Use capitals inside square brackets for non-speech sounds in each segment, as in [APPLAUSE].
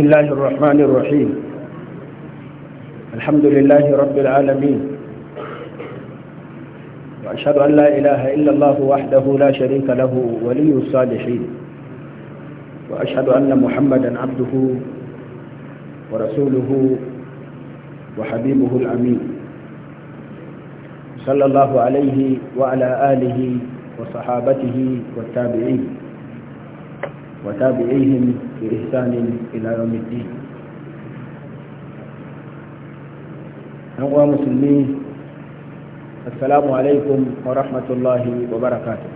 بسم الله الرحمن الرحيم الحمد لله رب العالمين وأشهد أن لا إله إلا الله وحده لا شريك له ولي الصالحين وأشهد أن محمدا عبده ورسوله وحبيبه الأمين صلى الله عليه وعلى آله وصحابته والتابعين وتابعيهم بإحسان إلى يوم الدين Musulmi: مسلمين السلام عليكم ورحمة الله وبركاته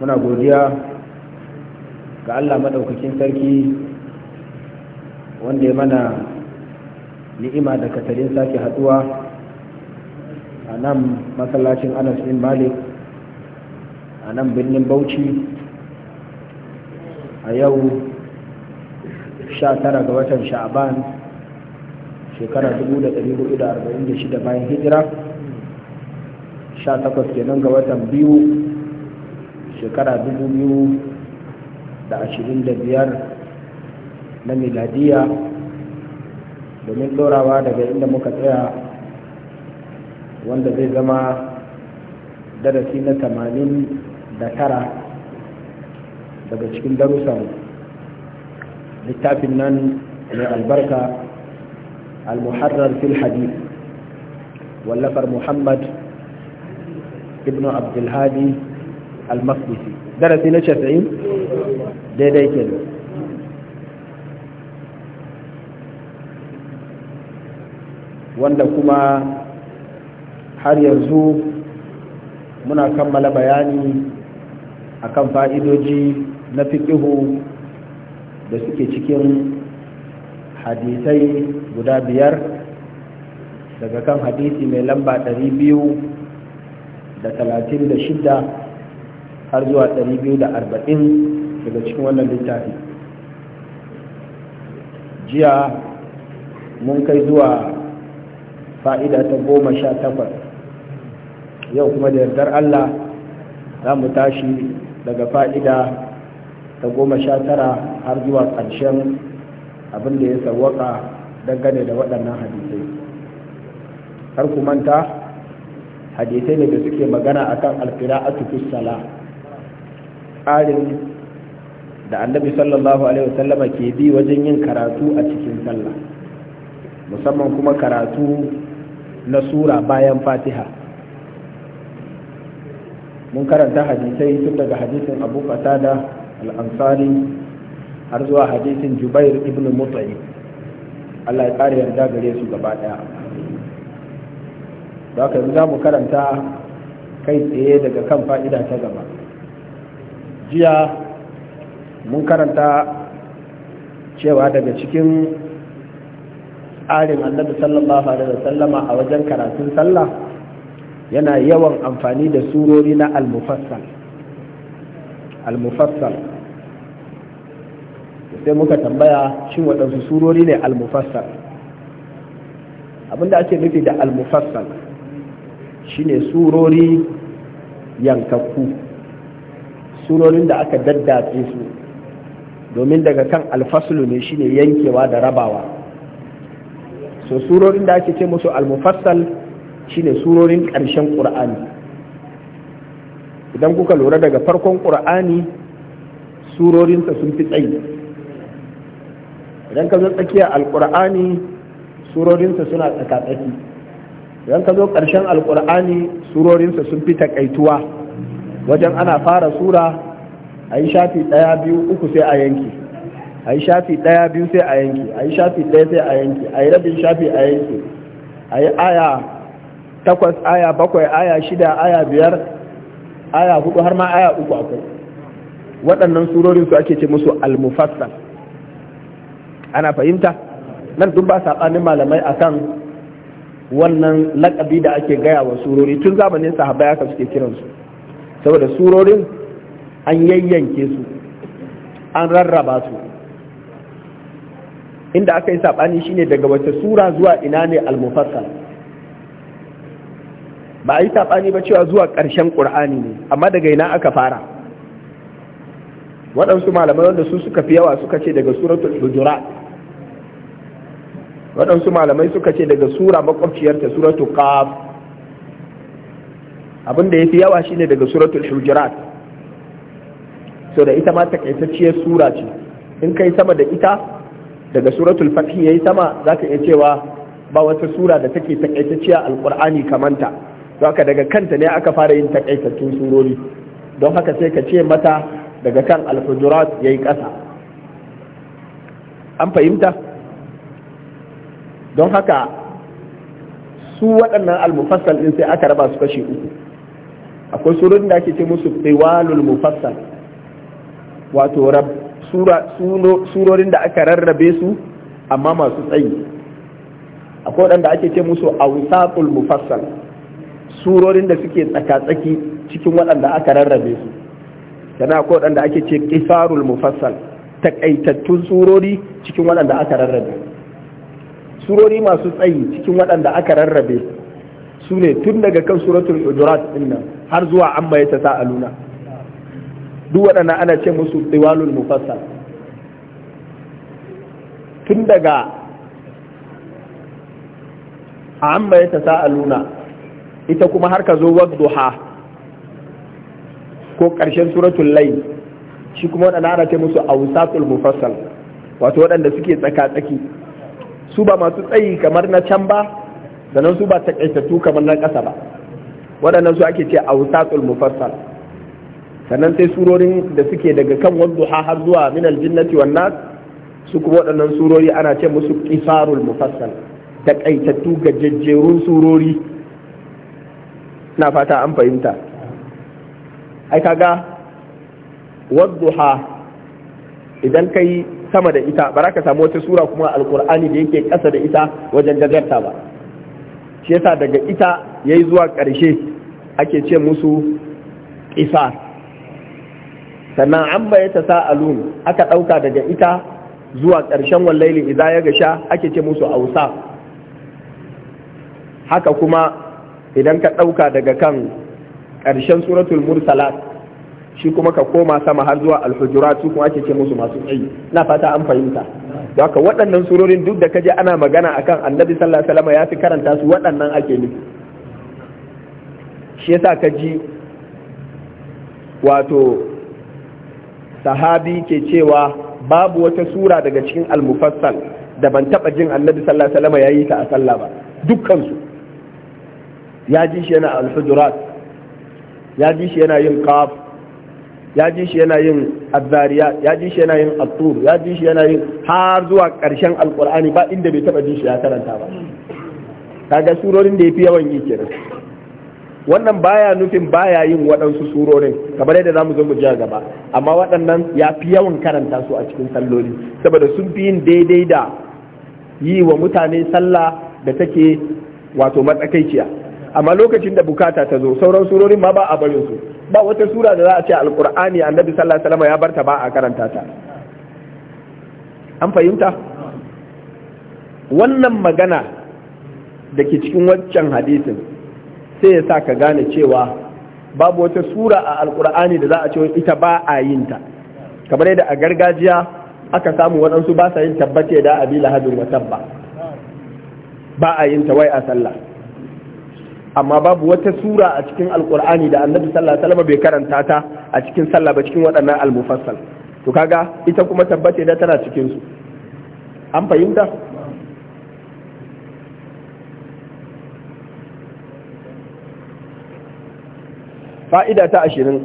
muna godiya ga Allah maɗaukacin sarki wanda ya mana ni'ima da katarin sake haɗuwa a nan masallacin anas in malik a nan birnin bauchi a yau 19 ga watan sha'aban shekara 1446 bayan hijira 18 kenan ga watan biyu shekara 2025 na miladiya domin dorawa daga inda muka tsaya wanda zai zama darasi na 80 da tara daga cikin darussan littafin nan mai albarka al-muharrar fil wallafar muhammad ibn abdulhadi al-maqdisi darasi na 90 daidai kenan wanda kuma har yanzu muna kammala bayani akan fa'idoji na fiƙihu da suke cikin hadisai guda biyar daga kan hadisi mai lamba ɗari biyu da talatin da shida har zuwa ɗari biyu da arba'in daga cikin wannan littafi jiya mun kai zuwa fa'ida ta goma sha takwas yau kuma da yardar allah za mu tashi daga fa'ida ta goma sha tara har zuwa ƙarshen abin da ya sawwaka dangane da waɗannan hadisai har kumanta hadisai ne da suke magana akan a fi sala ƙarin da annabi sallallahu alaihi wasallama ke bi wajen yin karatu a cikin sallah musamman kuma karatu na sura bayan fatiha mun karanta hadisai tun daga hadisin abu Fasada, al-ansari har zuwa hadisin jubair ibn mut'im Allah ya kare yarda gare su gaba daya da haka za mu karanta kai tsaye daga kan fa'ida ta gaba jiya mun karanta cewa daga cikin tsarin annabi sallallahu alaihi wasallama a wajen karatun sallah yana yawan amfani da surori na al-mufassal al-mufassal sai muka tambaya shin waɗansu surori ne al-mufassal abinda ake nufi da al-mufassal shine surori yankakku surorin da aka daddace su domin daga kan alfaslu ne shine yankewa da rabawa so surorin da ake ce musu al-mufassal shine surorin ƙarshen ƙur'ani idan kuka lura daga farkon ƙur'ani surorinsa sun fi tsayi idan ka zo tsakiyar alƙur'ani surorinsa suna tsakatsaki idan ka zo ƙarshen alƙur'ani surorinsa sun fi takaituwa wajen ana fara sura a yi shafi ɗaya biyu uku sai a yanki a yi shafi ɗaya biyu sai a yanki a yi shafi ɗaya sai a yanki a yi rabin shafi a yanki a yi aya takwas aya bakwai aya shida aya biyar aya hudu har ma aya uku akwai waɗannan surorin su ake ce musu almufassal ana fahimta nan duk ba saɓanin malamai akan wannan laƙabi da ake gaya wa surori tun zamanin sahabai haka suke kiransu saboda surorin an yayyanke su an rarraba su inda aka yi saɓani shine daga wata sura zuwa ina ne almufassal ba a yi saɓani ba cewa zuwa ƙarshen ƙur'ani ne amma daga ina aka fara waɗansu malamai wanda su suka fi yawa suka ce daga suratul hujura waɗansu malamai suka ce daga sura makwabciyarta suratul qaf abin da ya fi yawa shine daga suratul hujura so da ita ma takaitacciyar sura ce in kai sama da ita daga suratul ya yayi sama zaka iya cewa ba wata sura da take takaitacciya alqur'ani kamanta don haka daga kanta ne aka fara yin takaitattun surori don haka sai ka ce mata daga kan alfujurat ya yi ƙasa an fahimta don haka su waɗannan almufassal ɗin sai aka raba su kashi uku akwai surorin da ake ce musu tsiwalul mufassal wato surorin da aka rarrabe su amma masu tsayi akwai waɗanda ake ce musu ausatul mufassal surorin da suke tsakatsaki cikin waɗanda aka rarrabe su tana ko waɗanda ake ce qisarul mufassal takaitattun surori cikin waɗanda aka rarrabe surori masu tsayi cikin waɗanda aka rarrabe su ne tun daga kan suratul hujurat din nan har zuwa amma ya luna. duk waɗannan ana ce musu diwalul mufassal tun daga amma ya luna. ita kuma har ka zo wadduha ko ƙarshen suratul lai. shi kuma wadanda ana ce musu awsatul mufassal wato waɗanda suke tsaka-tsaki su ba masu tsayi kamar na can ba sannan su ba takaitattu kamar na ƙasa ba waɗannan su ake ce awsatul mufassal sannan sai surorin da suke daga kan wadduha har zuwa min aljinnati wan nas su kuma waɗannan surori ana ce musu qisarul mufassal takaitattu gajejjerun surori na fata an fahimta ai kaga wadduha idan kai sama da ita ba ka samu wata sura kuma alkur'ani da yake ƙasa da ita wajen gajarta ba shi yasa daga ita yayi zuwa ƙarshe ake ce musu ƙisa sannan an baya ta sa'alun aka ɗauka daga ita zuwa ƙarshen wallaili idan ya gasha ake ce musu ausa haka kuma idan ka ɗauka daga kan ƙarshen suratul mursalat shi kuma ka koma sama har zuwa alhujura su kuma ake ce musu masu tsayi na fata an fahimta da haka waɗannan surorin duk da kaje ana magana akan annabi sallallahu alaihi ya fi karanta su waɗannan ake nufi shi yasa ka ji wato sahabi ke cewa babu wata sura daga cikin almufassal da ban taɓa jin annabi sallallahu alaihi wasallam yi ta a sallah ba dukkan su ya ji shi yana alhujurat ya ji shi yana yin kaf, ya ji shi yana yin azzariya ya ji shi yana yin atur, ya ji shi yana yin har zuwa karshen alqur'ani ba inda bai taba ji shi ya karanta ba kaga surorin da yafi yawan yi kenan wannan baya nufin baya yin waɗansu surorin kamar yadda zamu zo mu ji gaba amma waɗannan ya fi yawan karanta su a cikin salloli saboda sun fi yin daidai da yi wa mutane sallah da take wato matsakaiciya amma lokacin da bukata ta zo sauran surorin ma ba a barin su ba wata sura da za a ce alqur'ani annabi sallallahu alaihi wasallam ya barta ba a karanta ta an fahimta wannan magana da ke cikin waccan hadisin sai ya sa ka gane cewa babu wata sura a alkur'ani da za a ce ita ba a yin ta kamar yadda a gargajiya aka samu waɗansu ba sa yin tabbace da abi lahadin watan ba ba a yin ta wai a sallah amma babu wata sura a cikin alkur'ani da annabi sallallahu alaihi wasallam bai karanta ta a cikin sallah ba cikin waɗannan almufassal to kaga ita kuma tabbace da tana cikin su an fahimta fa'ida ta ashirin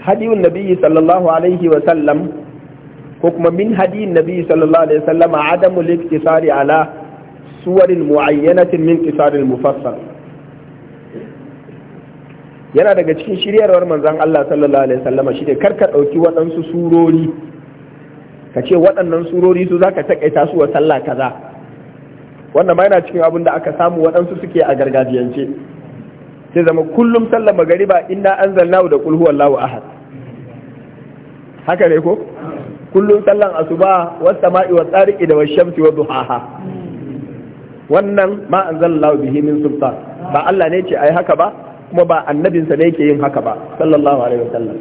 hadiyun nabiyyi sallallahu alaihi wasallam ko kuma min hadiyin nabiyyi sallallahu alaihi wasallam adamu liktisari ala suwar muayyanatin min qisadil mufassal yana daga cikin shiryarwar manzan Allah sallallahu alaihi wasallama kar karka ɗauki waɗansu surori ka ce waɗannan surori su ka taƙaita su wa sallah kaza wannan ma yana cikin abin da aka samu waɗansu suke a gargajiyance sai zama kullum sallar magariba inna anzalnahu da qul huwallahu ahad haka ne ko kullum sallar asuba wasu sama'i wa tsari da wa shamsi wa duhaha wannan ma anzalallahu bihi min sultan ba Allah ne ce ai haka ba kuma ba annabinsa ne ke yin haka ba sallallahu alaihi wasallam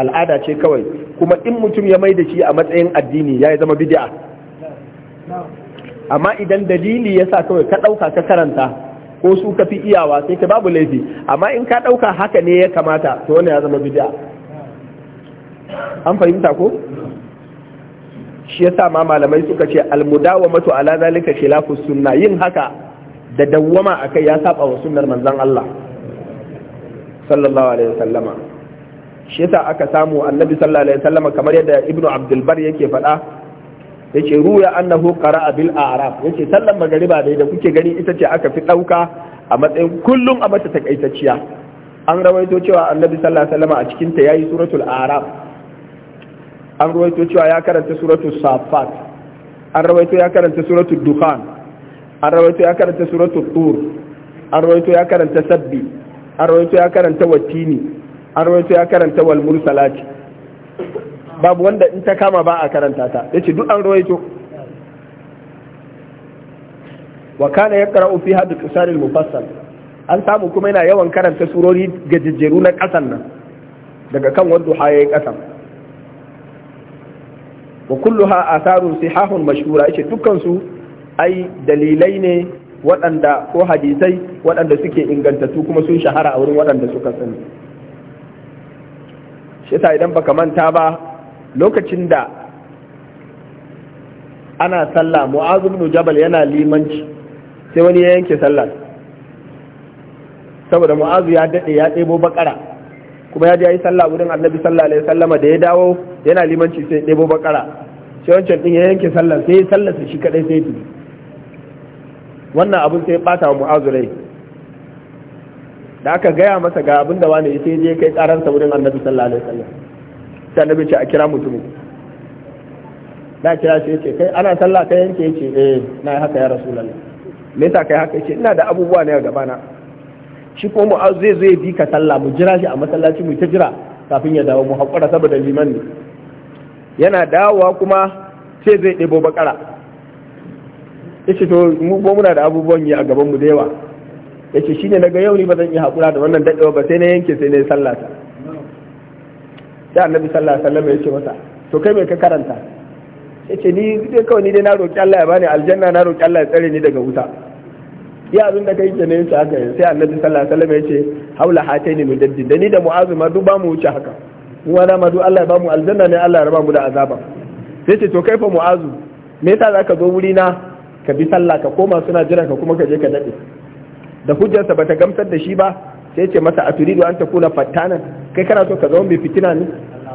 al'ada ce kawai kuma in mutum ya mai da shi a matsayin addini ya zama bid'a amma idan dalili ya sa kawai ka ɗauka ka karanta ko su ka fi iyawa sai ka babu laifi amma in ka ɗauka haka ne ya kamata to wani ya zama bid'a an fahimta ko shi yasa ma malamai suka ce almudawamatu ala zalika khilafu sunna yin haka da dawwama akai ya saba wa sunnar manzon Allah sallallahu alaihi wasallama shi yasa aka samu annabi sallallahu alaihi wasallama kamar yadda ibnu abdul bar yake faɗa yace ruya annahu qara'a bil a'raf yace sallan magariba dai da kuke gani ita ce aka fi dauka a matsayin kullum a mata takaitacciya an rawaito cewa annabi sallallahu alaihi wasallama a cikin ta yayi suratul a'raf an rawaito cewa ya karanta suratul safat an rawaito ya karanta suratul dukhan an rawaito ya karanta suratul tur an rawaito ya karanta sabbi an rawaito ya karanta watini an rawaito ya karanta wal mursalati babu wanda in ta kama ba a karanta ta yace duk an rawaito wa kana yaqra'u fiha bi qisar al mufassal an samu kuma yana yawan karanta surori gajejjeru na kasan nan daga kan wadduha yayi kasan wa kulluha atharun sihahun mashhura yace dukkan su ai dalilai ne waɗanda ko hadisai waɗanda suke ingantattu kuma sun shahara a wurin waɗanda suka sani shi idan baka manta ba lokacin da ana sallah mu'azu ibn jabal yana limanci sai wani ya yanke sallah saboda mu'azu ya dade ya ɗebo bakara kuma ya je yi sallah wurin annabi sallallahu alaihi wasallama da ya dawo yana limanci sai ɗebo bakara sai wancan din ya yanke sallah sai sallah su shi kadai sai tafi wannan abin sai ɓata bata wa mu'azu rai da aka gaya masa ga abin da wani sai je kai karansa wurin annabi sallallahu alaihi wasallam sai annabi ce a kira mutumin da kira shi yace kai ana sallah kai yanke yace eh na haka ya rasulullahi me yasa kai haka yace ina da abubuwa ne a gabana shi ko mu'az zai zo ya bi ka talla mu jira shi a masallaci mu ta jira kafin ya dawo mu haƙura saboda liman ne yana dawowa kuma sai zai ɗebo bakara yace to mu ko muna da abubuwan yi a gaban mu da yawa yace shine naga yau ni ba zan yi haƙura da wannan dadewa ba sai na yanke sai na yi sallah ta sai annabi sallallahu alaihi wasallam ya ce masa to kai me ka karanta yace ni dai kawai ni dai na roki Allah ya bani aljanna na roki Allah ya tsare ni daga wuta ya abin da kai kenan ta haka sai annabi sallallahu alaihi wasallam ya ce haula hataini mujaddid da ni da mu'azu ma duk ba mu wuce haka mu wala ma duk Allah ya ba mu aljanna ne Allah ya raba mu da azaba sai ce to kai fa mu'azu me yasa zaka zo wuri na ka bi sallah ka koma suna jira ka kuma ka je ka dade da hujjarsa bata gamsar da shi ba sai ce masa a turidu an ta kula fattanan kai kana so ka zama mai fitina ne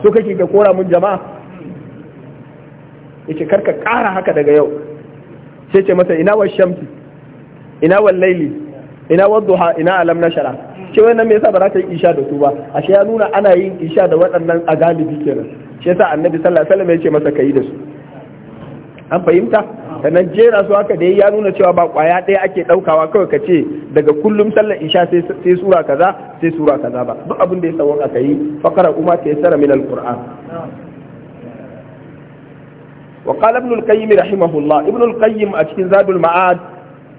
so kake ka kora mun jama'a yace karka kara haka daga yau sai ce masa ina wa shamsi ina wallaili ina wadduha ina alam nashara ce wannan me yasa ba za ka yi isha da su ba ya nuna ana yin isha da waɗannan a galibi kenan shi yasa annabi sallallahu alaihi wasallam ya ce masa kai da su an fahimta sannan jera su haka da ya nuna cewa ba kwaya ɗaya ake ɗaukawa kawai ka ce daga kullum sallar isha sai sura kaza sai sura kaza ba duk abin da ya sawon aka yi fakara kuma ta yassara min alquran wa qala ibn al-qayyim rahimahullah ibn a cikin zadul ma'ad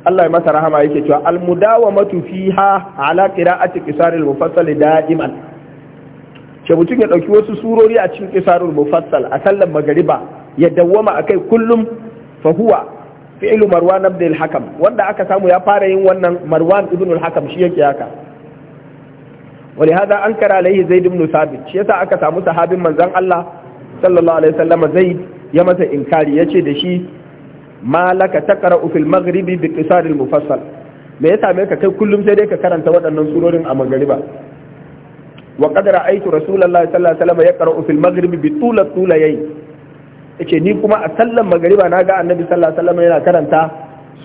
Allah ya masa rahama yake cewa almudawamatu fiha ala qira'ati qisaril mufassal da'iman ce mutum ya dauki wasu surori a cikin qisarul mufassal a sallar magariba ya dawwama akai kullum fa huwa fi'lu marwan ibn al-hakam wanda aka samu ya fara yin wannan marwan ibn al-hakam shi yake haka ولهذا أنكر عليه زيد بن ثابت شيء aka samu sahabin manzon Allah sallallahu alaihi wasallam zaid ya masa inkari yace da shi malaka taqra'u ufil maghribi bi qisar al mufassal me ya same ka kai kullum sai dai ka karanta waɗannan surorin a magariba wa qad ra'aytu rasulullahi sallallahu alaihi wasallam yaqra'u fil maghribi bi tula tulayai yace ni kuma a sallan magariba na ga annabi sallallahu alaihi wasallam yana karanta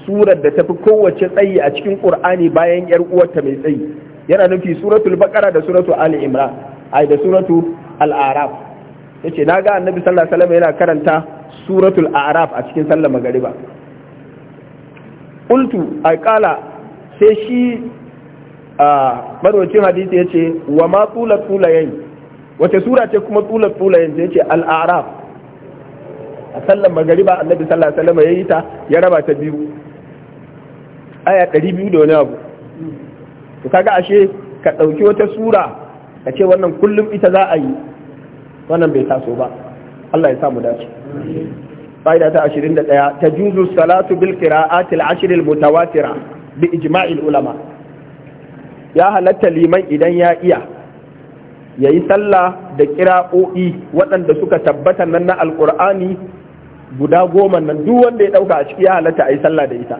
surar da tafi kowace tsayi a cikin qur'ani bayan yar uwarta mai tsayi yana nufi suratul baqara da suratul ali imran ai da suratul al-araf yace naga annabi sallallahu alaihi wasallam yana karanta suratul araf a cikin sallar magariba qultu ay qala sai shi a barwacin hadisi yace wa ma tula tulayen wace sura ce kuma tula tulayen sai yace al araf a sallar magariba annabi sallallahu alaihi wasallam yi ta ya raba ta biyu aya 200 da wani abu to kaga ashe ka ɗauki wata sura ka ce wannan kullum ita za a yi wannan bai taso ba Allah ya samu mu dace fa'ida ta 21 tajuzu salatu bil qira'ati al ashr al mutawatira bi ijma'i al ulama ya halatta liman idan ya iya yayi sallah da kira'o'i waɗanda suka tabbata nan na alqur'ani guda goma nan duk wanda ya dauka a ciki ya halatta ayi sallah da ita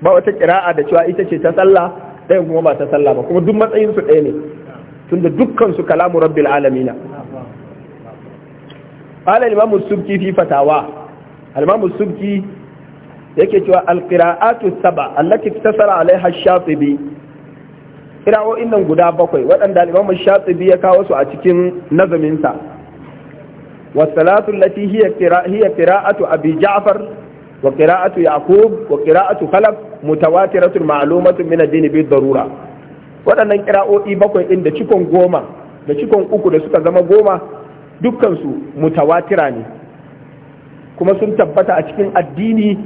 ba wata kira'a da cewa ita ce ta sallah ɗayan kuma ba ta sallah ba kuma duk matsayin su ɗaya ne tunda dukkan su kalamu rabbil alamina qala al-imam as-subki fi fatawa al-imam as-subki yake cewa al-qira'atu saba allati iktasara alaiha ash nan guda bakwai waɗanda al ya kawo su a cikin nazamin sa والثلاث التي هي قراءة هي قراءة أبي جعفر وقراءة يعقوب وقراءة خلف متواترة معلومة من الدين بالضرورة waɗannan ƙira'o'i bakwai ɗin da cikon goma da cikon uku da suka zama goma dukkansu mutawatira ne kuma sun tabbata a cikin addini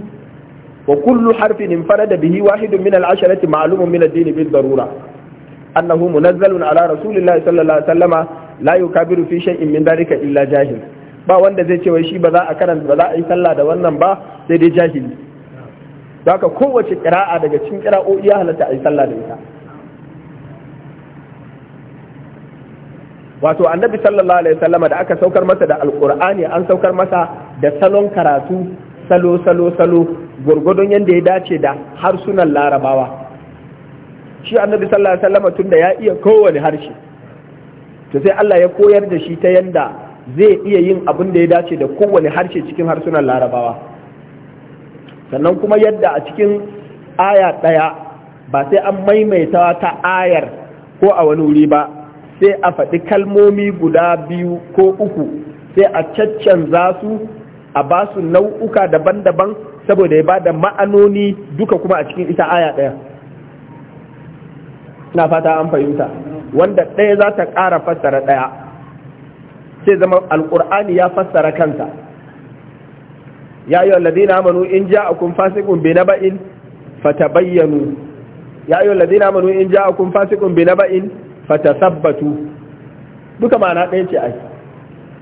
wa kullu harfin da bihi wahidun min al-asharati ma'lumun min addini, bil darura annahu munazzalun ala rasulillah, sallallahu alaihi wasallama la yukabiru fi shay'in min dalika illa jahil ba wanda zai ce wai shi ba za a karanta ba za a yi sallah da wannan ba sai dai jahili haka kowace kira'a daga cikin kira'o'i ya halatta a yi sallah da ita wato annabi sallallahu alaihi wasallama da aka saukar masa da alkur'ani an saukar masa da salon karatu salo salo salo gurgudun yanda ya dace da harsunan larabawa shi annabi sallallahu alaihi wasallama tunda ya iya kowane harshe to sai Allah ya koyar da shi ta yanda zai iya yin abin da ya dace da kowane harshe cikin harsunan larabawa sannan kuma yadda a cikin aya ɗaya ba sai an maimaita ta ayar ko a wani wuri ba sai a faɗi kalmomi guda biyu ko uku sai a caccanza su a ba su nau'uka daban-daban saboda ya ba da ma'anoni duka kuma a cikin ita aya ɗaya na fata an fahimta wanda ɗaya za ta ƙara fassara ɗaya sai zama alƙur'ani ya fassara kanta ya yi wallazi na manu in ja a kun fasikun bi na ba'in fata bayyanu ya yi wallazi na manu in ja a kun fasikun bi na ba'in fatasabbatu duka ma'ana ɗaya ce ai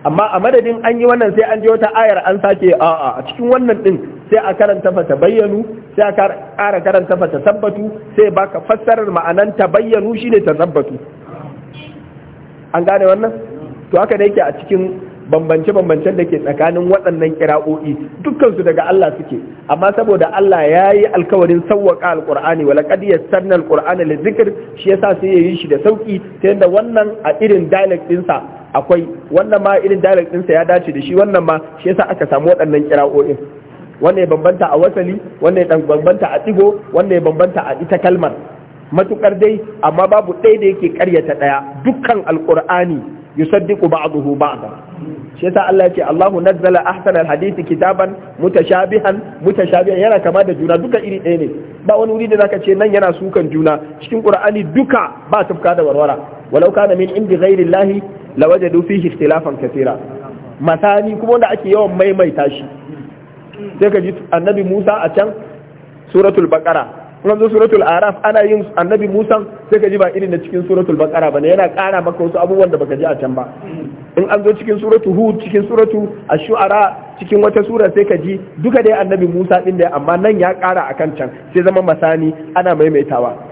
amma a madadin an yi wannan sai an je wata ayar an sake a'a a cikin wannan din sai a karanta fata bayyanu sai a ƙara karanta fata sabbatu sai baka fassarar ma'anan ta bayyanu shine ta sabbatu an gane wannan to haka da yake a cikin bambance-bambancen da ke tsakanin waɗannan kira'o'i dukkansu daga Allah suke amma saboda Allah ya yi alkawarin sauwaƙa alƙur'ani wala qad yassarna alƙur'ana li dhikr shi yasa sai ya yi shi da sauki ta yanda wannan a irin dialect ɗinsa akwai wannan ma irin dialect ɗinsa ya dace da shi wannan ma shi yasa aka samu waɗannan kira'o'in wannan ya bambanta a wasali wannan ya bambanta a tsigo wannan ya bambanta a ita kalmar matukar dai amma babu ɗaya da yake ƙaryata ɗaya dukkan alƙur'ani yusaddiqu ba'dahu ba'dahu shi ta Allah ce Allahu nazzala ahsanal hadisi kitaban mutashabihan mutashabihan yana kama da juna duka iri ɗaya ne ba wani wuri da zaka ce nan yana sukan juna cikin Qur'ani duka ba tufka da warwara walau kana min indi ghairi llahi lawajadu fihi ikhtilafan kathira masani kuma wanda ake yawan maimaita shi sai ka ji annabi Musa a can suratul baqara wanzu suratul araf ana yin annabi musa sai ka ji ba irin na cikin suratul bakara bane yana kara maka wasu abubuwan da baka ji a can ba in an zo cikin suratul hud cikin suratul ashuara cikin wata sura sai ka ji duka dai annabi musa din da amma nan ya kara akan can sai zama masani ana maimaitawa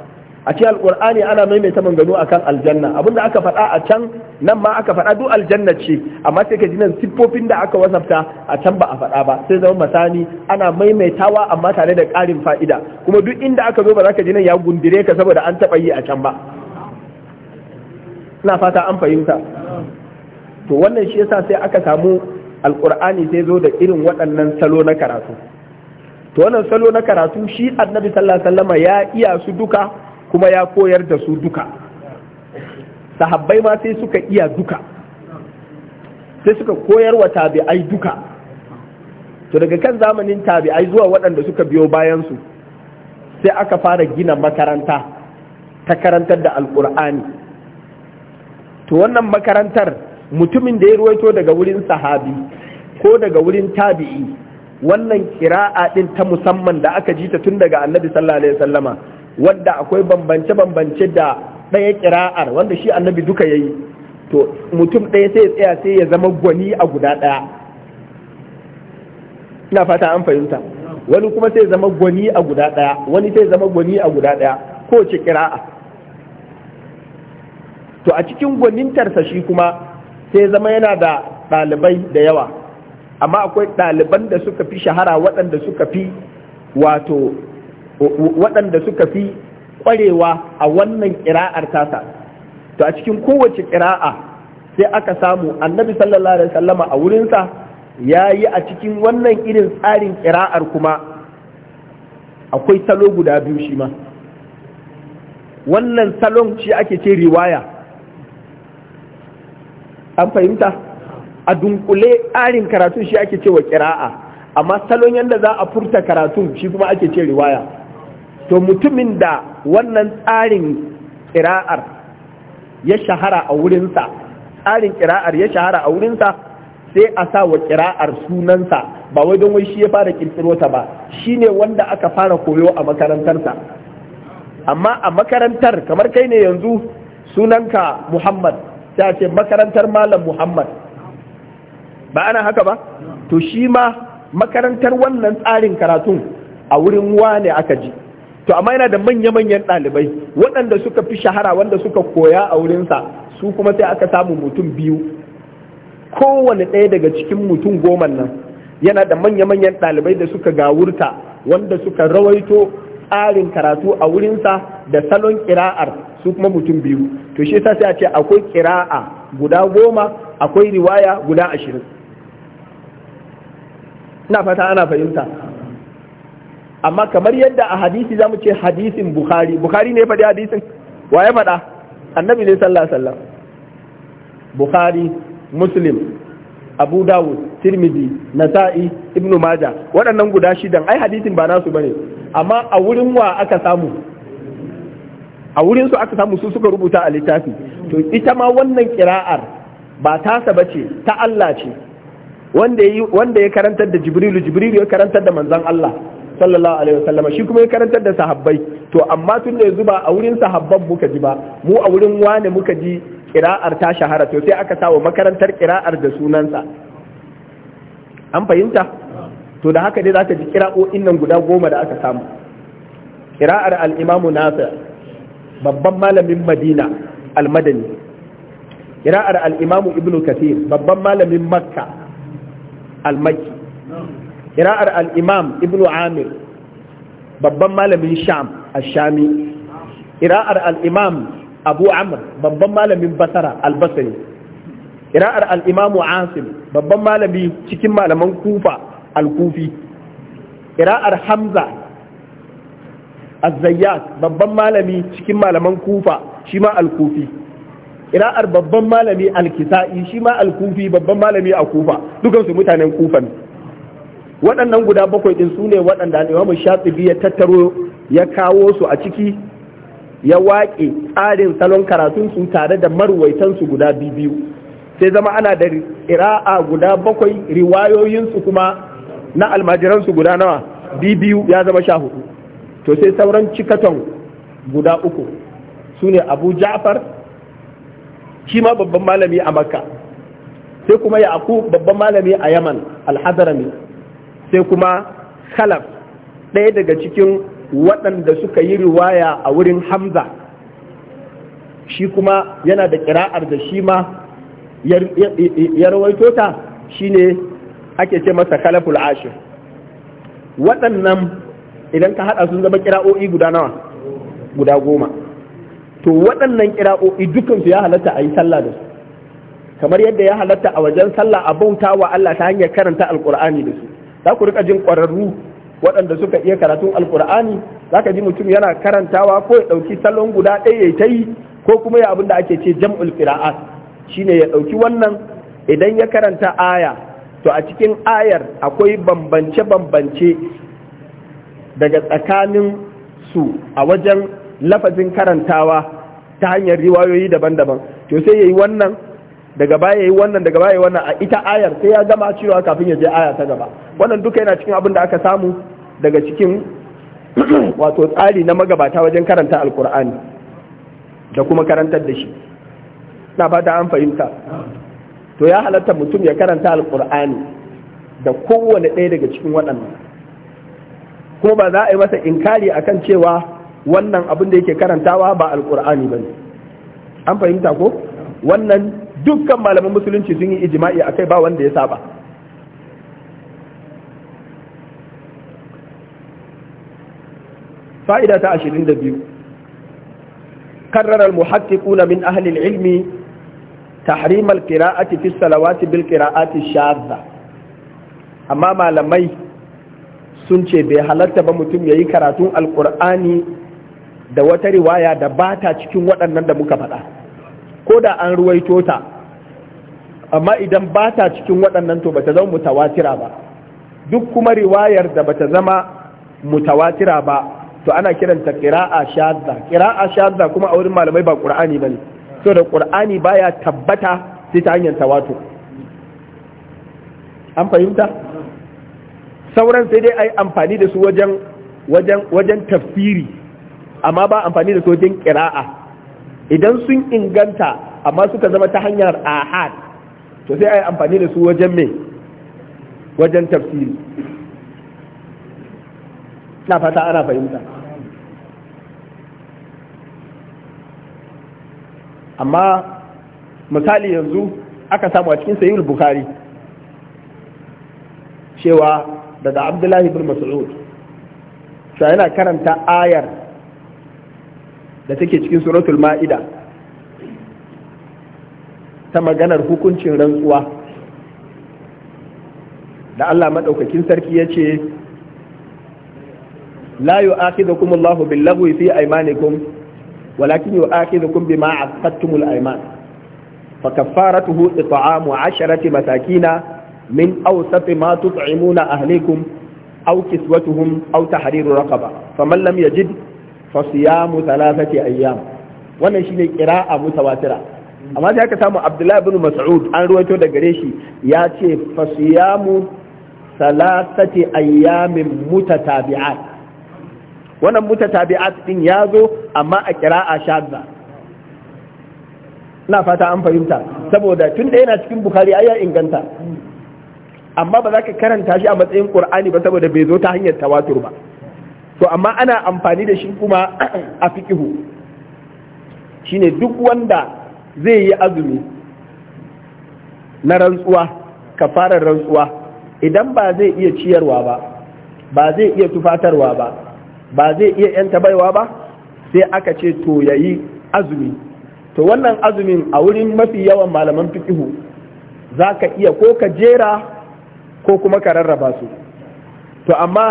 a ce alƙur'ani ana maimaita manganu kan aljanna abinda aka faɗa a can nan ma aka faɗa duk aljanna ce amma sai ka ji nan siffofin da aka wasafta a can ba a faɗa ba sai zama masani ana maimaitawa amma tare da ƙarin fa'ida kuma duk inda aka zo ba za ka ji nan ya gundire ka saboda an taɓa yi a can ba ina fata an fahimta to wannan shi yasa sai aka samu alƙur'ani sai zo da irin waɗannan salo na karatu to wannan salo na karatu shi annabi sallallahu alaihi wasallam ya iya su duka kuma ya koyar da su duka sahabbai ma sai suka iya duka sai suka koyar wa tabi'ai duka to daga kan zamanin tabi'ai zuwa waɗanda suka biyo bayansu sai aka fara gina makaranta ta karantar da alkur'ani to wannan makarantar mutumin da ya ruwaito daga wurin sahabi ko daga wurin tabi'i wannan kira'a ɗin ta musamman da aka ji ta tun daga annabi sallallahu alaihi wasallama wadda akwai bambance-bambance da ɗaya kira'ar wanda shi annabi duka ya yi to mutum ɗaya sai ya tsaya sai ya zama gwani a guda ɗaya ina fata an fahimta wani kuma sai ya zama gwani a guda ɗaya wani sai ya zama gwani a guda ɗaya ko ce kira'a to a cikin gwanintarsa shi kuma sai ya zama yana da ɗalibai da yawa amma akwai ɗaliban da suka fi shahara waɗanda suka fi wato waɗanda suka fi ƙwarewa a wannan ƙira'ar tasa to a cikin kowace ƙira'a sai aka samu annabi sallallahu alaihi wasallama a wurinsa ya yi a cikin wannan irin tsarin ƙira'ar kuma akwai salo guda biyu shi ma wannan salon shi ake ce riwaya an fahimta a dunkule tsarin karatun shi ake ce wa ƙira'a amma salon yadda za a furta karatun shi kuma ake ce riwaya to mutumin da wannan tsarin kira'ar ya shahara a wurinsa tsarin kira'ar ya shahara a wurinsa sai a sa wa kira'ar sunansa ba wai don wai shi ya fara kirkiro ta ba shi ne wanda aka fara koyo a makarantarsa amma a makarantar kamar kai ne yanzu sunanka muhammad ta ce makarantar malam muhammad ba ana haka ba to shi ma makarantar wannan tsarin karatun a wurin wane aka ji to amma yana da manya-manyan ɗalibai waɗanda suka fi shahara wanda suka koya a wurinsa su kuma sai aka samu mutum biyu kowane ɗaya daga cikin mutum goma nan yana da manya-manyan ɗalibai da suka gawurta wanda suka rawaito tsarin karatu a wurinsa da salon kira'ar su kuma mutum biyu to shi ta sai a ce akwai kira'a guda goma akwai riwaya guda ashirin ina fata ana fahimta amma kamar yadda a hadisi za mu ce hadisin bukhari bukhari ne ya faɗi hadisin wa ya faɗa annabi ne sallallahu alaihi wasallam bukhari muslim abu dawud tirmidhi nasa'i ibnu majah waɗannan guda shidan ai hadisin ba nasu bane amma a wurin wa aka samu a wurin su aka samu su suka rubuta a littafi to ita ma wannan kira'ar ba tasa bace ta Allah ce wanda ya karantar da jibrilu jibrilu ya karantar da manzon Allah sallallahu alaihi wasallam shi kuma ya karantar da sahabbai to amma tun da yanzu ba a wurin sahabban muka ji ba mu a wurin wane muka ji kira'ar ta shahara to sai aka sawa makarantar kira'ar da sunansa an fahimta to da haka dai zaka ji kira'o'in nan guda goma da aka samu kira'ar al-imamu nasir babban malamin madina al-madani kira'ar al-imamu ibnu kathir babban malamin makka al-makki kira'ar al-imam ibn amir babban malamin sham a shami kira'ar al-imam abu amr babban malamin basara al-basri kira'ar al-imam asim babban malami cikin malaman kufa Alkufi. kufi kira'ar hamza az-zayyat babban malami cikin malaman kufa shi ma al-kufi kira'ar babban malami alkisa'i shi ma alkufi babban malami a kufa dukansu mutanen kufa ne waɗannan guda bakwai ɗin su ne waɗanda wani Shatibi ya tattaro ya kawo su a ciki ya waƙe tsarin salon karatun su tare da marwaitansu su guda biyu sai zama ana da ƙira'a guda bakwai riwayoyin su kuma na almajiran su guda nawa biyu ya zama sha hudu to sai sauran cikaton guda uku su ne Abu Ja'far shi ma babban malami a Makka sai kuma Yaqub babban malami a Yaman al sai kuma khalaf ɗaya daga cikin waɗanda suka yi riwaya a wurin hamza shi kuma yana da ƙira'ar da shi ma ya rawaito ta shi ne ake ce masa khalaful ashir waɗannan idan ka haɗa sun zama ƙira'o'i guda nawa guda goma to waɗannan ƙira'o'i dukansu ya halatta a yi sallah da su kamar yadda ya halatta a wajen sallah a bauta wa Allah ta hanyar karanta alkur'ani da su za ku rika jin ƙwararru waɗanda suka iya karatun alkur'ani za ka ji mutum yana karantawa ko ya ɗauki salon guda ɗaya ya ta yi ko kuma ya abin da ake ce jam'ul qira'at shine ya ɗauki wannan idan ya karanta aya to a cikin ayar akwai bambance-bambance daga tsakanin su a wajen lafazin karantawa ta hanyar riwayoyi daban-daban to sai ya yi wannan daga baya yi wannan daga baya yi wannan a ita ayar sai ya gama cewa kafin ya je aya ta gaba wannan duka yana cikin abin da aka samu daga cikin [CLEARS THROAT] wato tsari na magabata wajen karanta alkur'ani da kuma karantar da shi na fata an fahimta to ya halatta mutum ya karanta alkur'ani da kowane ɗaya daga cikin waɗannan kuma ba za a yi masa inkari akan cewa wannan abin da yake karantawa ba alkur'ani ba ne an fahimta ko wannan dukkan malaman musulunci sun yi ijima'i akai ba wanda ya saba fa'ida ta biyu karrara al-muhaqqiquna min ahli al-ilmi harimar al-qira'ati fi salawati bil qira'ati shadda amma malamai sun ce bai halarta ba mutum ya yi karatun Alƙur'ani da wata riwaya da ba ta cikin waɗannan da muka faɗa ko da an ruwaito ta amma idan ba ta cikin waɗannan to bata zama mutawatira ba duk kuma riwayar da bata zama mutawatira ba to ana kiranta qira'a shadda qira'a shadda kuma a wurin malamai ba qur'ani bane so da qur'ani baya tabbata sai ta hanyar tawatu, an fahimta sauran sai dai ai amfani da su wajen wajen wajen tafsiri amma ba amfani da su wajen qira'a idan sun inganta amma suka zama ta hanyar ahad to sai a yi amfani da su wajen me wajen tafsiri na fata ana fahimta amma misali yanzu aka samu a cikin sayyid bukhari cewa daga abdullahi bin mas'ud shi yana karanta ayar da take cikin suratul ma'ida ta maganar hukuncin rantsuwa da Allah maɗaukakin sarki ya ce la yu'akhidhukum Allahu bil-laghwi fi aymanikum walakin yu'akhidhukum bima 'aqadtumul ayman fa kaffaratuhu ita'amu 'asharati masakina min awsati ma tut'imuna ahlikum aw kiswatuhum aw tahriru raqaba faman lam yajid fa siyamu thalathati ayyam wannan shine qira'a mutawatira amma sai aka samu abdullahi bin mas'ud an ruwaito da gare shi ya ce fasiyamu salasati ayyamin mutatabi'at wannan mutatabi'at din ya zo amma a kira'a shadda na fata an fahimta saboda tun da yana cikin bukari ai ya inganta amma ba za ka karanta shi a matsayin qur'ani ba saboda bai zo ta hanyar tawatur ba to amma ana amfani da shi kuma a fiqhu shine duk wanda zai yi azumi na rantsuwa ka fara rantsuwa idan ba zai iya ciyarwa ba ba zai iya tufatarwa ba ba zai iya yanta baiwa ba sai aka ce to yayi azumi to wannan azumin a wurin mafi yawan malaman fikihu za ka iya ko ka jera ko kuma ka rarraba su to amma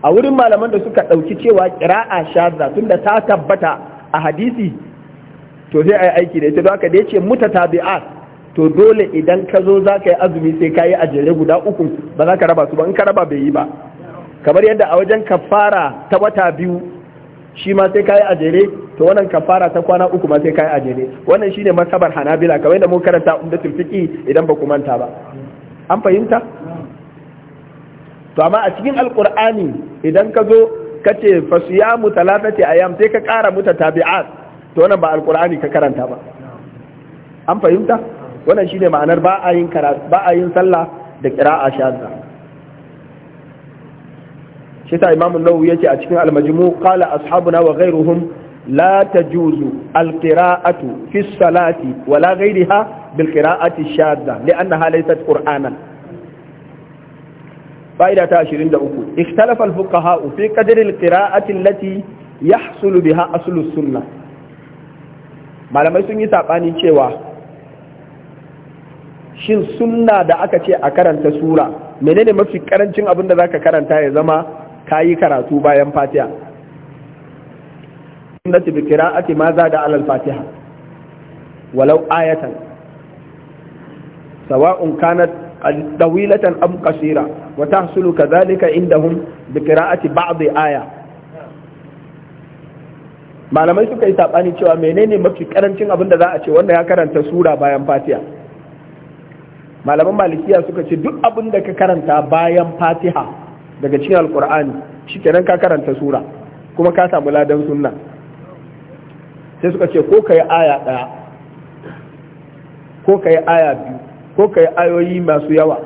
a wurin malaman da suka ɗauki cewa ƙira'a shaza tunda ta tabbata a hadisi to sai a yi aiki da ita don haka da ya ce mutatabi'at to dole idan ka zo za ka yi azumi sai ka yi a jere guda uku ba za ka raba su ba in ka raba bai yi ba kamar yadda a wajen kafara ta wata biyu shi ma sai ka yi a jere to wannan kafara ta kwana uku ma sai ka yi a jere wannan shine masabar hanabila kamar yadda mun karanta umdatul fiqi idan ba ku manta ba an fahimta to amma a cikin alqur'ani idan ka zo mu fasiyamu talatati ayam sai ka kara muta tabi'at to wannan ba alkur'ani ka karanta ba an fahimta wannan shine ma'anar ba a yin ba a yin sallah da qira'a shadda shi ta imamu nawawi yace a cikin al-majmu qala ashabuna wa ghayruhum la tajuzu al-qira'atu fi salati wa la ghayriha bil qira'ati shadda li'annaha laysat qur'anan فائدة عشرين دقوة اختلف الفقهاء في قدر القراءة التي يحصل بها أصل السنة malamai sun yi saɓani cewa shin sunna da aka ce a karanta sura menene mafi karancin abin da za ka karanta ya zama ka yi karatu bayan fatiha tafi kira ake ma da alal fatiha walau ayatan sawa'un kanat kasira wa tahsulu kadhalika indahum bi qira'ati ba'd Aya? malamai suka yi sabani cewa menene mafi karancin abin da za a ce wanda ya karanta sura bayan fatiha malaman malikiya suka ce duk abin da ka karanta bayan fatiha daga cikin alkur'ani shikenan ka karanta sura kuma ka samu ladan sunna sai suka ce ko kai aya daya ko kai aya biyu ko kai ayoyi masu yawa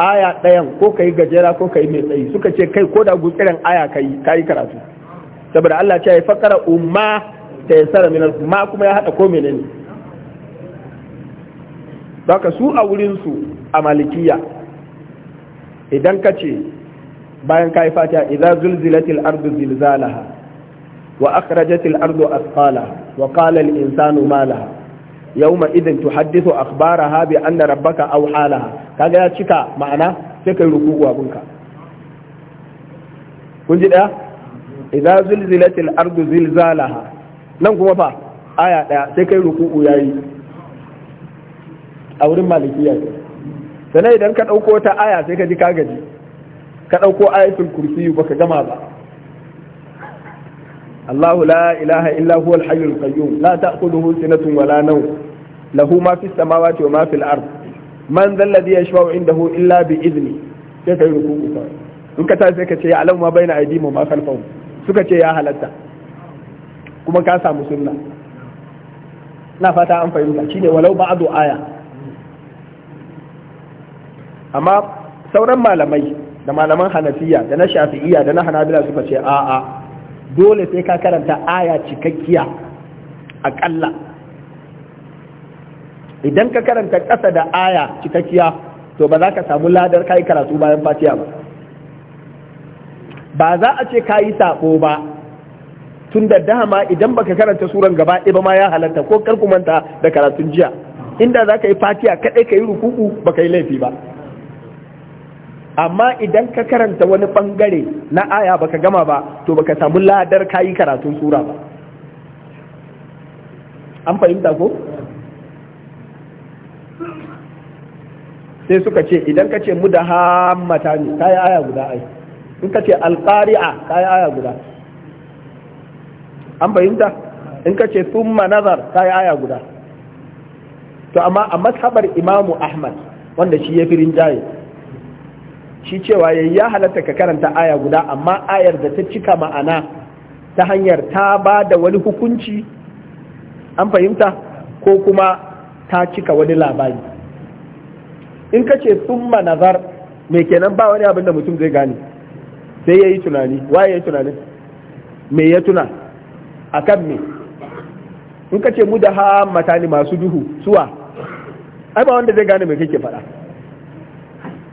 aya ɗayan ko kai gajera ko kai mai tsayi suka ce kai ko da gutsiren aya kai kai karatu saboda Allah ya fakara umma ta yasara min ma kuma ya hada ko menene baka su a wurin su a malikiya idan ka ce bayan kai fatiha idza zulzilatil ardu zilzalaha wa akhrajatil ardu asqalaha wa qala al insanu ma laha yawma idin tuhaddithu akhbaraha bi anna rabbaka aw laha kaga ya cika ma'ana sai kai ruku'u abinka kun ji daya idza zulzilatil ardu zilzalaha nan kuma fa aya daya sai kai ruku'u yayi a wurin malikiya sannan idan ka dauko ta aya sai ka ji ka gaji ka dauko ayatul kursi baka gama ba Allahu la ilaha illa huwal hayyul qayyum la ta'khudhuhu sinatun wala nawm lahu ma fis samawati wa ma fil ard man dhal ladhi yashfa'u indahu illa bi idni sai kai ruku'u in ka ta sai ka ce ya alamu ma baina aidihim wa ma khalfahum suka ce ya halatta kuma ka samu sunna na fata an fahimta shi ne walau ba'adu aya amma sauran malamai da malaman hanafiya da na shafi'iya da na hanabila suka ce a'a dole sai ka karanta aya cikakkiya aƙalla idan ka karanta ƙasa da aya cikakkiya to ba za ka samu ladar kai karatu bayan fatiya ba ba za a ce ka yi sabo ba tun da dama idan baka karanta suran gaba ba ma ya halatta ko kar manta da karatun jiya inda za ka yi fatiya kaɗai ka yi rukuku ba ka yi laifi ba amma idan ka karanta wani ɓangare na aya baka gama ba to baka samu ladar ka yi karatun sura ba an fahimta ko sai suka ce idan ka ce mu da hammata ne ta yi aya guda ai in ka ce alƙari'a kayi aya guda an fahimta in ka ce summa nazar kayi aya guda to amma a matsabar imamu ahmad wanda shi ya fi rinjaye shi cewa yayi ya halatta ka karanta aya guda amma ayar da ta cika ma'ana ta hanyar ta ba da wani hukunci an fahimta ko kuma ta cika wani labari in ka ce summa nazar mai kenan ba wani abin da mutum zai gane sai ya yi tunani waye ya yi tunanin me ya tuna a kan me in ka ce mu da hammata ne masu duhu suwa ai ba wanda zai gane me kake faɗa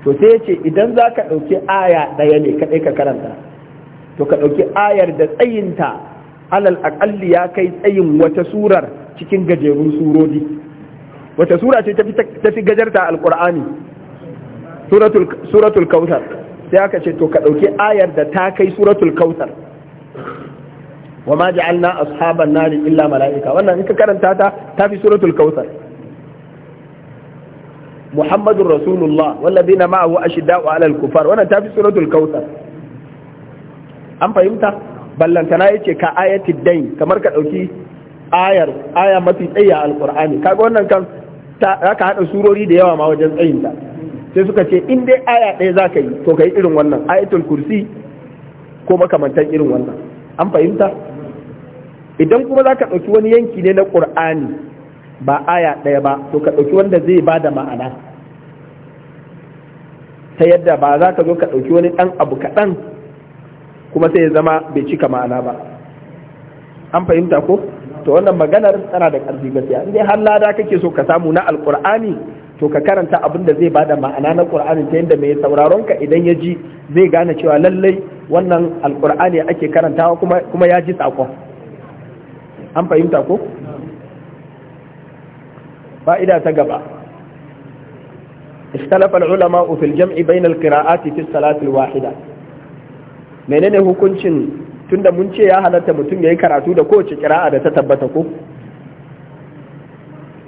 to sai ya ce idan za ka ɗauki aya ɗaya ne kaɗai ka karanta to ka ɗauki ayar da tsayinta alal aƙalli ya kai tsayin wata surar cikin gajerun surori wata sura ce ta fi gajarta alƙur'ani suratul kautar sai aka ce to ka ɗauki ayar da ta kai suratul kautar wa ma ja'alna ashaban nari illa mala'ika wannan in ka karanta ta ta fi suratul kautar muhammadur rasulullah ma'ahu ashidda'u 'alal kufar wannan ta fi suratul kautar an fahimta ballantana yace ka ayatul dain kamar ka ɗauki ayar aya mafi tsayi a alqur'ani kaga wannan kan ta hada surori da yawa ma wajen ta sai suka ce in dai aya ɗaya za ka yi to ka yi irin wannan ayatul kursi ko makamantan irin wannan an fahimta idan kuma za ka ɗauki wani yanki ne na ƙur'ani ba aya ɗaya ba to ka ɗauki wanda zai ba da ma'ana ta yadda ba za ka zo ka ɗauki wani ɗan abu kaɗan kuma sai ya zama bai cika ma'ana ba an fahimta ko to wannan maganar tana da ƙarfi gaskiya in dai har lada kake so ka samu na alƙur'ani to ka karanta abin da zai ba da ma'ana na qur'ani ta yadda mai sauraron ka idan ya ji zai gane cewa lallai wannan alqur'ani ake karantawa kuma kuma ya ji sakon an fahimta ko fa'ida ta gaba اختلف العلماء في الجمع بين القراءات في الصلاة الواحدة menene hukuncin tunda mun ce ya halatta mutum ya yi karatu da kowace kira'a da ta tabbata ko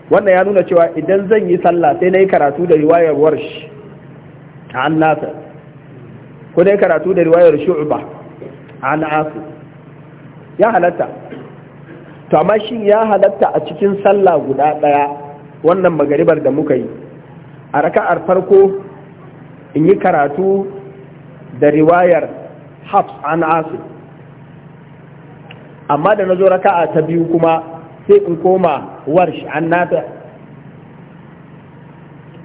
wannan ya nuna cewa idan zan yi sallah sai na yi karatu da riwayar warsh an nasa ko na yi karatu da riwayar a an asu ya halatta to amma shi ya halatta a cikin sallah guda ɗaya wannan magaribar da muka yi a raka'ar farko in yi karatu da riwayar hafs an asu amma da na zo raka'a ta biyu kuma sai in koma warsh an nafi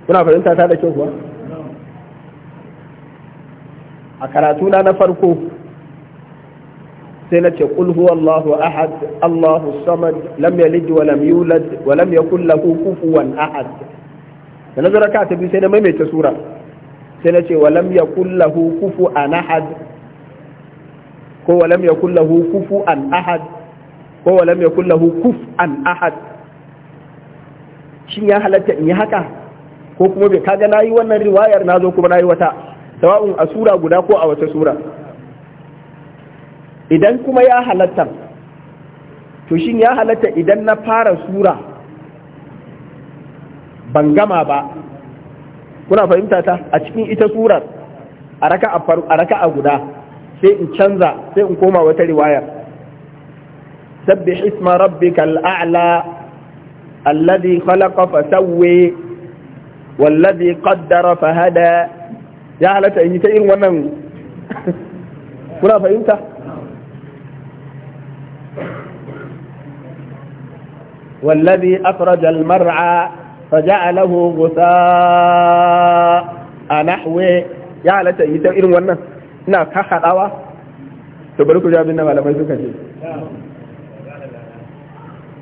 kuna fahimta ta da kyau kuwa a karatu na na farko sai na ce kul huwa ahad Allahu samad lam yalid wa lam yulad wa lam yakul lahu kufuwan ahad da nazara ka ta bi sai na maimaita sura sai na ce wa lam yakul lahu kufuwan ahad ko wa lam yakul lahu kufuwan ahad ko lam yakul lahu kuf'an ahad shin ya halatta in yi haka ko kuma bai kaga nayi wannan riwayar nazo kuma nayi wata sawa'un a sura guda ko a wata sura idan kuma ya halatta to shin ya halatta idan na fara sura ban gama ba kuna fahimta ta a cikin ita surar a raka a guda sai in canza sai in koma wata riwayar سبح اسم ربك الأعلى الذي خلق فسوي والذي قدر فهدى يا على تأيين ومن كنا فهمت والذي أخرج المرعى فجعله غثاء نحو يا على تأيين ومن نعم كخر أوا تبركوا جابنا ولا ما يسوكا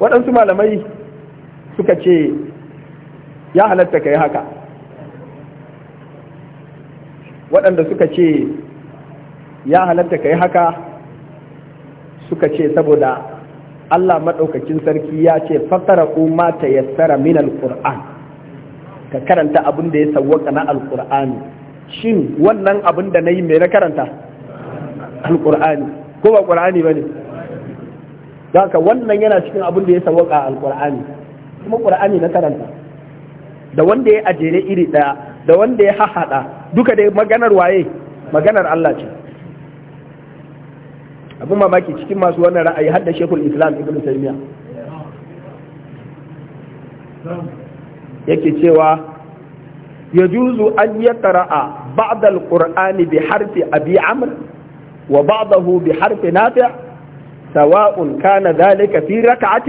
waɗansu malamai suka ce ya halatta ka yi haka waɗanda suka ce ya halatta ka yi haka suka ce saboda Allah maɗaukakin sarki ya ce fatara ma ta yassara min alƙur'an ka karanta abin da ya sawwaka na alƙur'ani shin wannan abin da na yi mai na karanta alƙur'ani ko ba ƙur'ani ba ne don haka wannan yana cikin abin da ya sawaka alqur'ani kuma qur'ani na karanta da wanda ya ajere iri daya da wanda ya hahada duka da maganar waye maganar Allah ce abin mamaki cikin masu wannan ra'ayi hadda shekul Islam Ibn Taymiyyah yake cewa yajuzu an yaqra'a ba'd al-qur'ani bi harfi abi amr wa ba'dahu bi harfi nafi' sawa'un kana ذلك في ركعة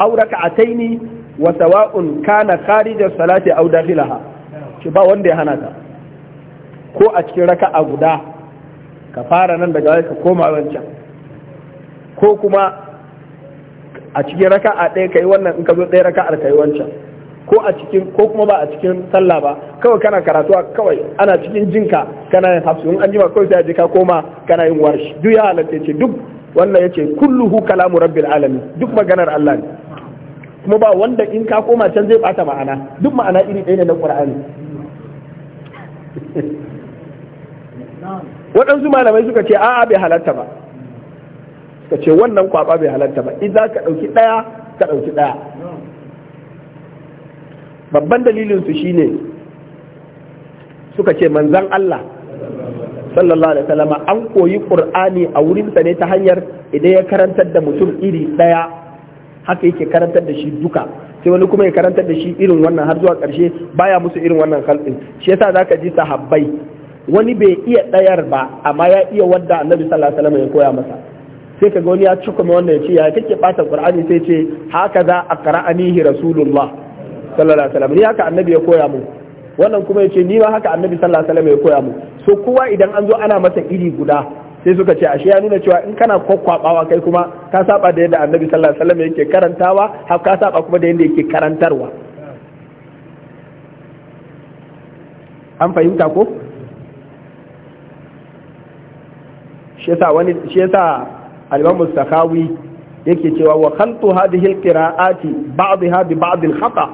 أو ركعتين wa sawa'un kana الصلاة أو داخلها شبا shi ba wanda ya hana ta ko a cikin raka'a guda ka fara nan daga ka koma wancan ko kuma a cikin raka'a ɗaya kai wannan in ka zo ɗaya raka'ar kai wancan ko a cikin ko kuma ba a cikin sallah ba kawai kana karatu kawai ana cikin jinka kana yin hafsu in kawai sai a ka koma kana yin warshi duk ya halatta duk wannan yake kulluhu kalamu rabbil alamin duk maganar Allah ne kuma ba wanda in ka koma can zai bata ma'ana duk ma'ana iri ɗaya ne na Qur'ani [LAUGHS] waɗansu malamai suka ce a'a bai halatta ba suka ce wannan kwaba bai halatta ba idan ka ɗauki ɗaya ka ɗauki ɗaya babban dalilin su shine suka ce manzan Allah sallallahu alaihi wasallam an koyi qur'ani a wurin sa ne ta hanyar idan ya karantar da mutum iri daya haka yake karantar da shi duka sai wani kuma ya karantar da shi irin wannan har zuwa karshe baya musu irin wannan kalbin shi yasa zaka ji sahabbai wani bai iya dayar ba amma ya iya wadda annabi sallallahu alaihi wasallam ya koya masa sai kaga wani ya cikume wannan ya ce ya kake bata qur'ani sai ce haka za a qara'anihi rasulullah sallallahu alaihi wasallam ni haka annabi ya koya mu wannan kuma ya ce ni ma haka annabi sallallahu alaihi wasallam ya koya mu to kowa idan an zo ana masa iri guda sai suka ce ashe ya nuna cewa in kana kwakwabawa kai kuma ka saba da yadda annabi sallallahu alaihi wasallam yake karantawa har ka saba kuma da yadda yake karantarwa an fahimta ko shi yasa wani shi yasa alimam imam yake cewa wa khaltu hadhihi alqira'ati qiraati ba'dha bi ba'd alkhata khata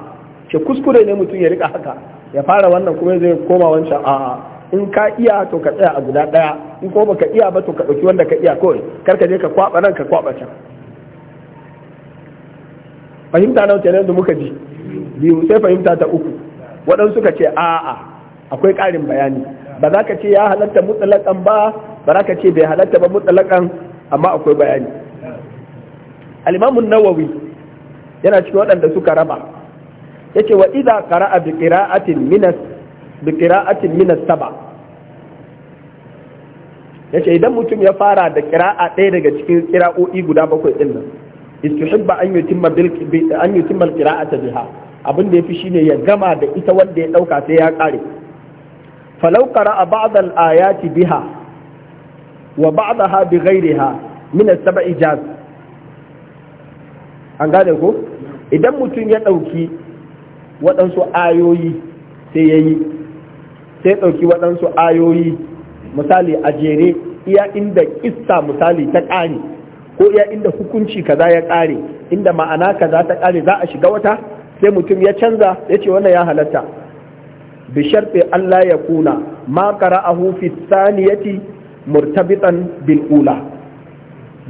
shi kuskure ne mutum ya rika haka ya fara wannan kuma zai koma wancan a'a in ka iya to ka tsaya a guda daya in ko baka iya ba to ka dauki wanda ka iya kawai kar ka je ka kwaba nan ka kwaba can fahimta nawa kenan da muka ji biyu sai fahimta ta uku waɗansu suka ce a'a akwai ƙarin bayani ba za ka ce ya halatta mutsalakan ba ba za ka ce bai halatta ba mutsalakan amma akwai bayani alimamun nawawi yana cikin waɗanda suka raba yace wa idza qara'a bi qira'atin minas bi qira'atin min as-saba yace idan mutum ya fara da qira'a ɗaya daga cikin qira'o'i guda bakwai din nan istuhibba an yutimma bil an yutimma al-qira'ata biha abin da yafi shine ya gama da ita wanda ya dauka sai ya kare falau qara'a ba'd al-ayati biha wa ba'daha bi ghayriha min as-sab'i jaz an gane ko idan mutum ya dauki waɗansu ayoyi sai ya yi sai ɗauki waɗansu ayoyi misali a jere iya inda kissa misali ta ƙare ko iya inda hukunci kaza ya ƙare inda ma'ana kaza ta ƙare za a shiga wata sai mutum ya canza ya ce wannan ya halatta bi sharfi Allah ya kuna ma qara'ahu fi thaniyati murtabitan bil ula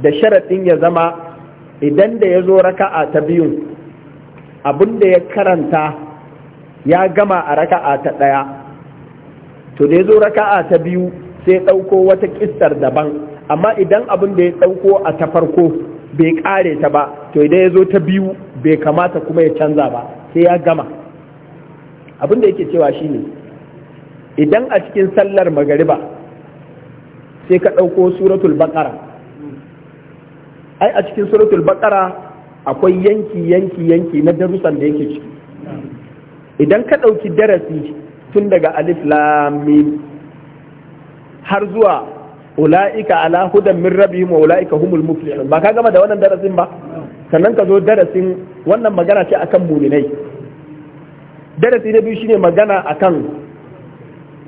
da sharaɗin ya zama idan da ya zo raka'a ta biyun abin da ya karanta ya gama a raka'a ta ɗaya to da ya zo raka'a ta biyu sai ɗauko wata ƙistar daban amma idan abin da ya ɗauko a ta farko bai ƙare ta ba to idan ya zo ta biyu bai kamata kuma ya canza ba sai ya gama abin da yake cewa shine idan a cikin sallar magariba sai ka ɗauko suratul baƙara ai a cikin suratul baƙara akwai yanki yanki yanki na darussan da yake ciki idan ka ɗauki darasi tun daga alif lamim har zuwa ula'ika ala hudan min rabbihim wa ula'ika humul muflihun ba ka gama da wannan darasin ba sannan ka zo darasin wannan magana ce akan muminai darasi na biyu shine magana akan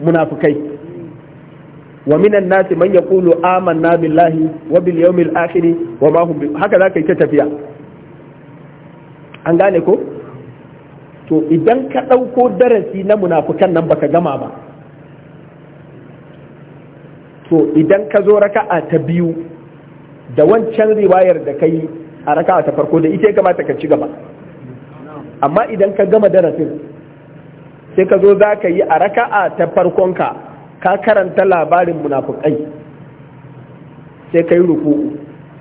munafukai wa minan nasi man yaqulu amanna billahi wa bil yawmil akhir wa ma hum haka zaka yi ta tafiya an gane ko to idan ka ɗauko darasi na munafukan nan baka gama ba to idan ka zo raka'a ta biyu da wancan riwayar da kai a raka'a ta farko da ita ya kamata ka ci gaba amma idan ka gama darasin sai ka zo za ka yi a raka'a ta farkonka ka karanta labarin munafukai sai ka yi ruku.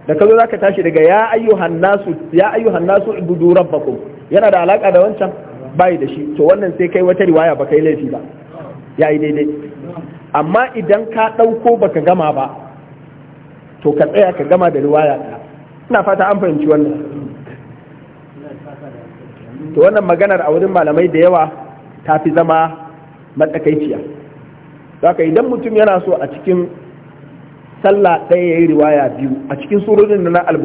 da ka zo za ka tashi daga ya ayyuhan nasu ya ayyuhan nasu ibudu rabbakum yana da alaka da wancan bai da shi to wannan sai kai wata riwaya ba kai laifi ba ya yi daidai amma idan ka ɗauko baka gama ba to ka tsaya ka gama da riwaya ta ina fata an fahimci wannan to wannan maganar a wurin malamai da yawa ta fi zama matsakaiciya haka idan mutum yana so a cikin sallah ɗaya ya yi riwaya biyu a cikin surorin na al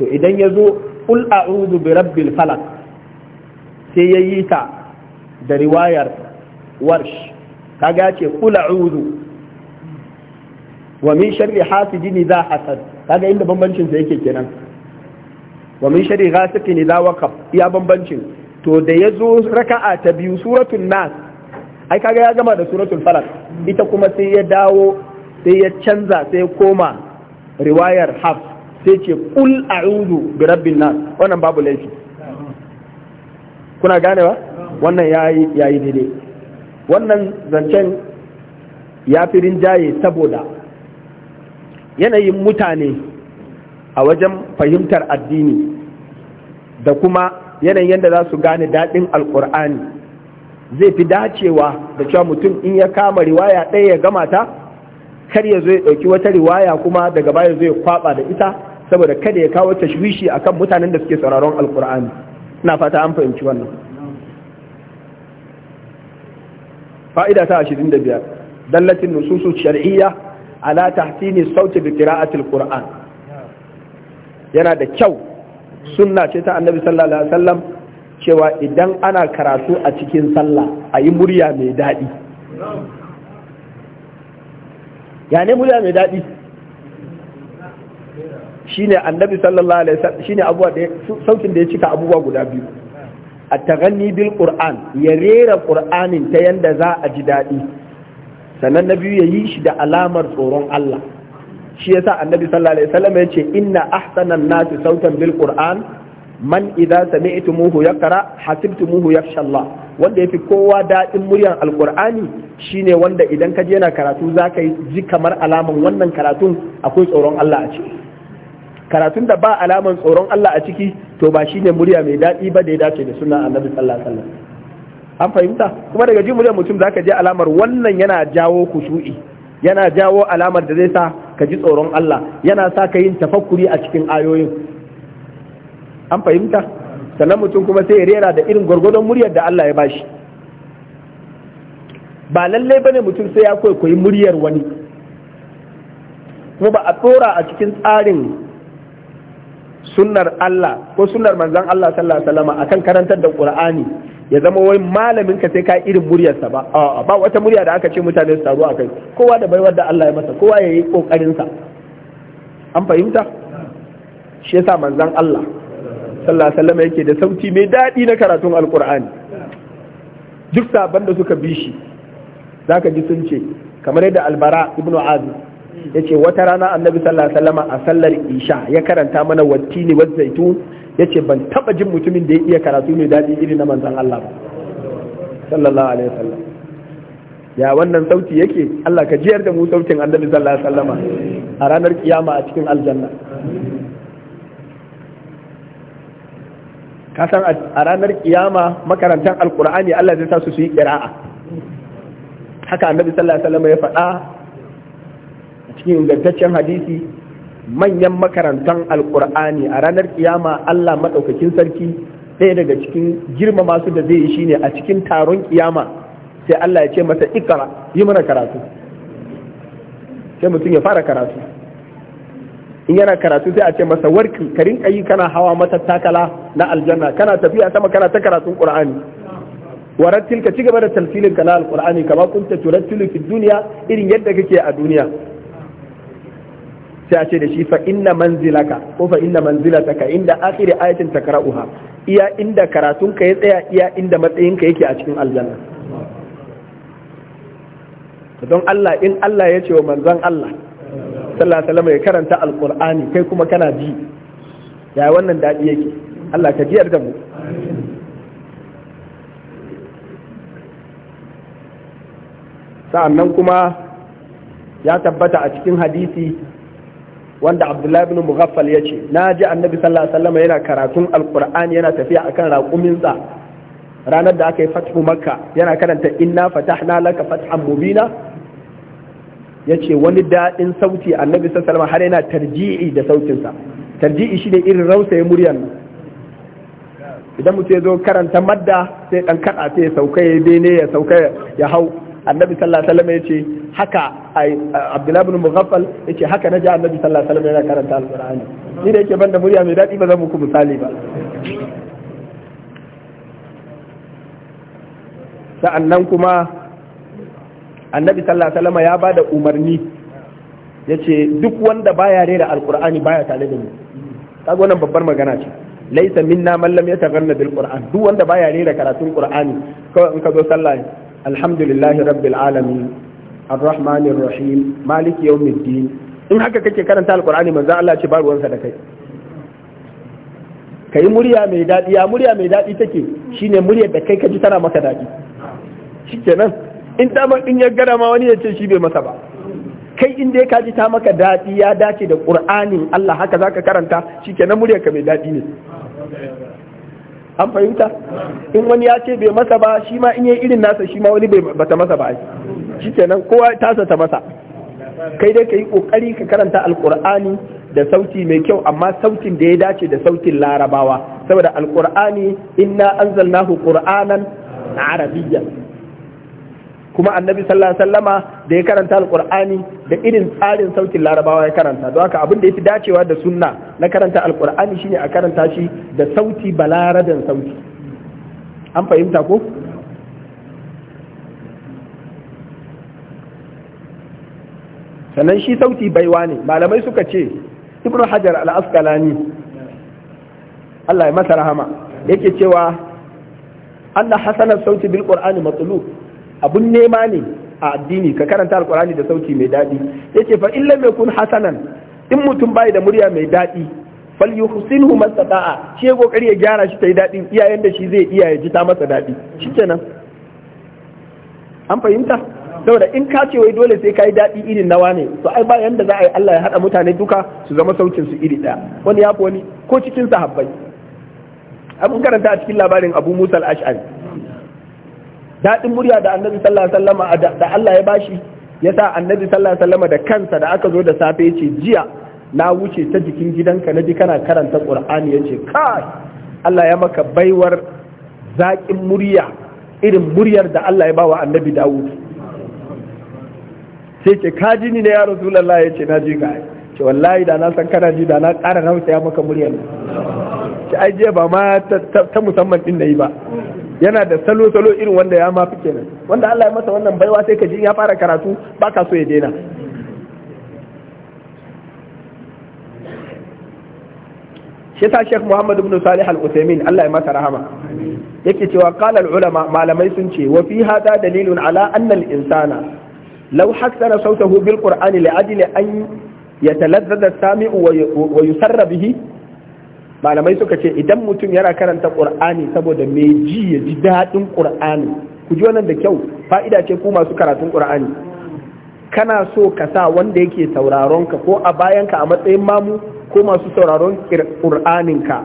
to idan ya zo ƙul a'udu bi rabbil falak sai ya yi ta da riwayar warsh kaga ce kula uzu wa min sharri hasidin idza hasad kaga inda bambancin sa yake kenan wa min sharri ghasiqin idza waqab ya bambancin to da yazo raka'a ta biyu suratul nas ai kaga ya gama da suratul falaq ita kuma sai ya dawo sai ya canza sai ya koma riwayar haf sai ce kul a'udhu bi rabbin nas wannan babu laifi kuna gane ba wannan ya yi daidai wannan zancen ya fi rinjaye saboda yanayin mutane a wajen fahimtar addini da kuma yanayin yadda za su gane daɗin alkur'ani zai fi dacewa da cewa mutum in ya kama riwaya ɗaya ya gama ta kar ya zo ya ɗauki wata riwaya kuma daga baya zo ya kwaɓa da ita saboda kada ya kawo tashwishi akan mutanen da suke sauraron alkur'ani na fata an fahimci wannan fa'ida ta 25 dallatin nususu shar'iyya ala tahsini sauti bi qira'atil qur'an yana da kyau sunna ce ta annabi sallallahu alaihi wasallam cewa idan ana karatu a cikin sallah ayi murya mai daɗi ya ne murya mai daɗi shine annabi sallallahu alaihi wasallam shine abuwa da da ya cika abubuwa guda biyu a taganni bil qur'an ya rera qur'anin ta yanda za a ji daɗi sannan na biyu ya yi shi da alamar tsoron Allah shi yasa annabi sallallahu alaihi wasallam ya ce inna ahsanan nasi sautan bil qur'an man idza sami'tumuhu yaqra hasibtumuhu yakhsha Allah wanda yafi kowa daɗin muryar alqur'ani shine wanda idan ka je yana karatu zaka ji kamar alaman wannan karatun akwai tsoron Allah a ciki karatun da ba alaman tsoron Allah a ciki to ba shine murya mai daɗi ba da ya dace da sunan annabi sallallahu alaihi wasallam an fahimta kuma daga jin muryar mutum zaka ji alamar wannan yana jawo kushu'i yana jawo alamar da zai sa ka ji tsoron Allah yana sa ka yin tafakkuri a cikin ayoyin an fahimta sannan mutum kuma sai ya rera da irin gwargwadon muryar da Allah ya bashi ba lalle bane mutum sai ya koyi muryar wani kuma ba a tsora a cikin tsarin sunnar Allah ko sunnar manzon Allah sallallahu alaihi wasallam akan karantar da Qur'ani ya zama wai malamin ka sai ka irin muryarsa ba a'a ba wata murya da aka ce mutane su taru akai kowa da baiwar da Allah ya masa kowa ya yi kokarin sa an fahimta shi yasa manzan Allah sallallahu alaihi wasallam yake da sauti mai dadi na karatun Al-Qur'ani duk saban da suka bi shi zaka ji sun ce kamar yadda albara ibnu azib yace wata rana annabi sallallahu alaihi wasallama a sallar isha ya karanta mana wattini zaitu zaitun yace ban taba jin mutumin da ya iya karatu mai dadi irin na manzan Allah ba sallallahu alaihi wasallam ya wannan sauti yake Allah ka jiyar da mu sautin annabi sallallahu alaihi wasallama a ranar kiyama a cikin aljanna ka san a ranar kiyama makarantar alqur'ani Allah zai sa su su yi kira'a haka annabi sallallahu alaihi wasallam ya faɗa cikin ingantaccen hadisi manyan makarantan alkur'ani a ranar kiyama Allah maɗaukakin sarki ɗaya daga cikin girmama masu da zai yi shine a cikin taron kiyama sai Allah ya ce masa ikara yi mana karatu sai mutum ya fara karatu in yana karatu sai a ce masa warki ka rinka yi kana hawa mata takala na aljanna kana tafiya sama kana ta karatun qur'ani warattil ka ci gaba da talfilin kana na alqur'ani kama kunta turattilu fi duniya irin yadda kake a duniya sai a ce da shi fa inna manzilaka ko fa inna manzilataka inda akhiri ayatin takra'uha iya inda karatun ka ya tsaya iya inda matsayin ka yake a cikin aljanna don Allah in Allah ya ce wa manzon Allah sallallahu alaihi wasallam ya karanta alqur'ani kai kuma kana ji ya wannan dadi yake Allah ka jiyar da mu sa'annan kuma ya tabbata a cikin hadisi wanda abdullahi bin mughaffal ya ce na ji annabi sallallahu alaihi wasallam yana karatun alqur'ani yana tafiya akan raƙuminsa ranar da aka yi fathu makka yana karanta inna fatahna laka fathan mubina yace wani daɗin sauti annabi sallallahu alaihi wasallam har yana tarji'i da sautinsa tarji'i ne irin rausaye muryar nan idan mutum ya zo karanta madda sai ɗan kada sai ya sauka ya bene ya sauka ya hau annabi sallallahu alaihi wasallam yace haka abdullahi ibn mughaffal yace haka naji annabi sallallahu alaihi wasallam yana karanta alqur'ani ni da yake banda murya mai dadi ba zan muku misali ba sa'annan kuma annabi sallallahu alaihi wasallam ya bada umarni yace duk wanda baya rera alqur'ani baya tare da mu kaga wannan babbar magana ce laisa minna man lam yataganna bil qur'an duk wanda baya rera karatun qur'ani kawai in ka zo sallah الحمد لله رب العالمين الرحمن الرحيم مالك يوم الدين in haka kake karanta alkur'ani manzo Allah ce ba ruwansa da kai kai murya mai daɗi ya murya mai daɗi take shine murya da kai kaji tana maka daɗi shikenan in ya gara ma wani ya ce shi bai masa ba kai in dai ji ta maka daɗi ya dace da qur'anin Allah haka zaka karanta shikenan muryar ka mai daɗi ne an fahimta in wani ya ce bai masa ba shi ma in yi irin nasa shi ma wani bai bata masa ba shi kenan kowa tasa ta masa kai dai ka yi kokari ka karanta alkur'ani da sauti mai kyau amma sautin da ya dace da sautin larabawa saboda alkur'ani inna anzalnahu qur'anan arabiyyan kuma annabi sallallahu alaihi wasallama da ya karanta alqur'ani da irin tsarin saukin larabawa ya karanta don haka abin da yafi dacewa da sunna na karanta alqur'ani shine a karanta shi da sauti balaradan sauti an fahimta ko sannan shi sauti baiwa ne malamai suka ce ibnu hajar al-asqalani Allah ya masa rahama yake cewa anna hasana sauti bil qur'ani matlub abun nema ne a addini ka karanta alkurani da sauti mai daɗi yace fa illa mai kun hasanan in mutum bai da murya mai daɗi fal yuhsinhu mastata'a shi ya kokari ya gyara shi ta yi daɗin iyayen da shi zai iya ya ji ta masa daɗi kenan an fahimta saboda in ka ce wai dole sai yi daɗi irin nawa ne to ai ba yanda za a yi Allah ya haɗa mutane duka su zama saukin su iri ɗaya wani ya fi wani ko cikin sahabbai abun karanta a cikin labarin Abu Musa al-Ash'ari daɗin murya da annabi sallallahu alaihi wasallama da Allah ya bashi yasa annabi sallallahu alaihi wasallama da kansa da aka zo da safe yace jiya na wuce ta jikin gidanka na ji kana karanta qur'ani yace kai Allah ya maka baiwar zaƙin murya irin muryar da Allah ya bawa annabi Dawud sai ce ka ji ni ne ya Rasulullah yace na ji ka ce wallahi da na san kana ji da na ƙara nausa ya maka muryar ce ai je ba ma ta musamman din nayi ba yana da salo salo irin wanda ya mafi kenan wanda Allah ya masa wannan baiwa sai ka ji ya fara karatu ba ka so ya daina shi ta Sheikh Muhammad ibn Salih al-Uthaymeen Allah ya masa rahama yake cewa qala ulama malamai sun ce wa fi hada dalilun ala anna al-insana law hasana sautahu bil qur'ani li ajli an yataladda samiu wa yusarra bihi malamai suka ce idan mutum yana karanta qur'ani saboda mai ji ya ji daɗin qur'ani ku ji wannan da kyau fa'ida ce ku masu karatun qur'ani kana so ka sa wanda yake sauraron ka ko a bayan ka a matsayin mamu ko masu sauraron qur'anin ka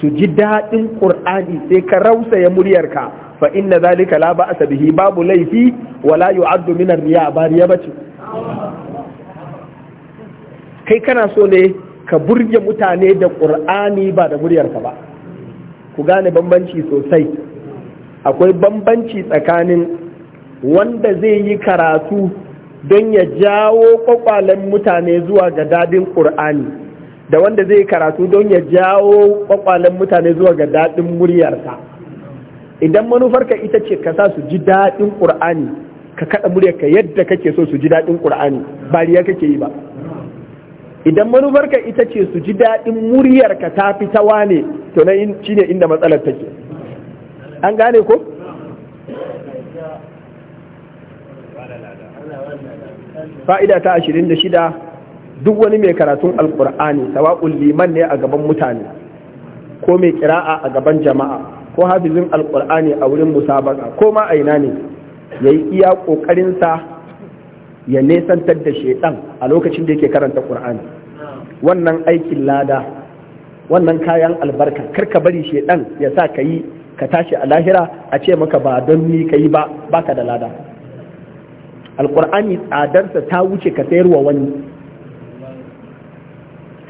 su ji daɗin qur'ani sai ka rausaya muryarka fa inna zalika la ba'sa bihi babu laifi wala yu'addu min ar-riya ba riya bace kai kana so ne ka burge mutane da ƙur'ani ba da muryarka ba ku gane bambanci sosai akwai bambanci tsakanin wanda zai yi karatu don ya jawo kwakwalen mutane zuwa ga dadin ƙur'ani da wanda zai karatu don ya jawo kwakwalen mutane zuwa ga daɗin muryarsa idan manufarka ita ce ka sa su ji daɗin ƙur'ani ka kaɗa muryarka yadda kake so su ji daɗin ƙur'ani ba ya kake yi ba idan manufarka ita ce su ji daɗin muryarka ta fi ta wane to na shi ne inda matsalar take an gane ko fa'ida ta ashirin da shida duk wani mai karatun alkur'ani sawa'ul liman ne a gaban mutane ko mai kira'a a gaban jama'a ko hafizin alkur'ani a wurin musabaka ko ma aina ne ya yi iya ƙoƙarinsa ya nesantar da shaidan a lokacin da yake karanta ƙur'ani wannan aikin lada wannan kayan albarka karka bari shedan ya sa ka yi ka tashi a lahira a ce maka ba don ni ka yi ba baka da lada alkur'ani tsadarsa ta wuce ka sayarwa wani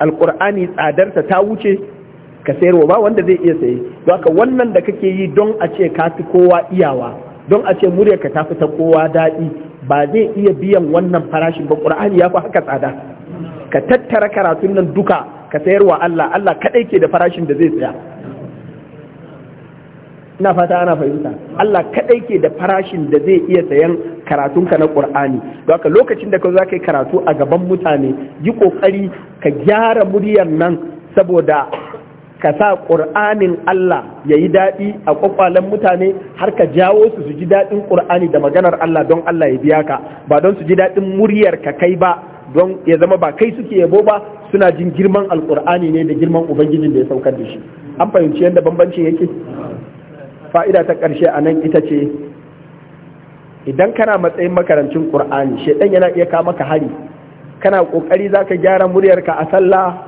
alkur'ani tsadarsa ta wuce ka sayarwa ba wanda zai iya saye Waka wannan da kake yi don a ce ka fi kowa iyawa don a ce muryarka ta fi ta kowa daɗi ba zai iya biyan wannan farashin ba ƙur'ani ya fi haka tsada ka tattara karatun nan duka ka sayarwa Allah Allah kadai ke da farashin da zai tsaya ina fata ana fahimta Allah kadai ke da farashin da zai iya sayan karatun ka na ƙur'ani, don haka lokacin da ka za ka yi karatu a gaban mutane yi ƙoƙari ka gyara muryar nan saboda ka sa ƙur'anin Allah ya yi daɗi a ƙwaƙwalen mutane har ka jawo su su ji daɗin ƙur'ani da maganar Allah don Allah ya biya ka ba don su ji daɗin muryar ka kai ba don ya zama ba kai suke yabo ba suna jin girman alkur'ani ne da girman ubangijin da ya saukar da shi an fahimci yadda bambanci yake fa'ida ta ƙarshe a nan ita ce idan kana matsayin makarancin ƙur'ani shaidan yana iya kama ka hari kana ƙoƙari za ka gyara muryarka a sallah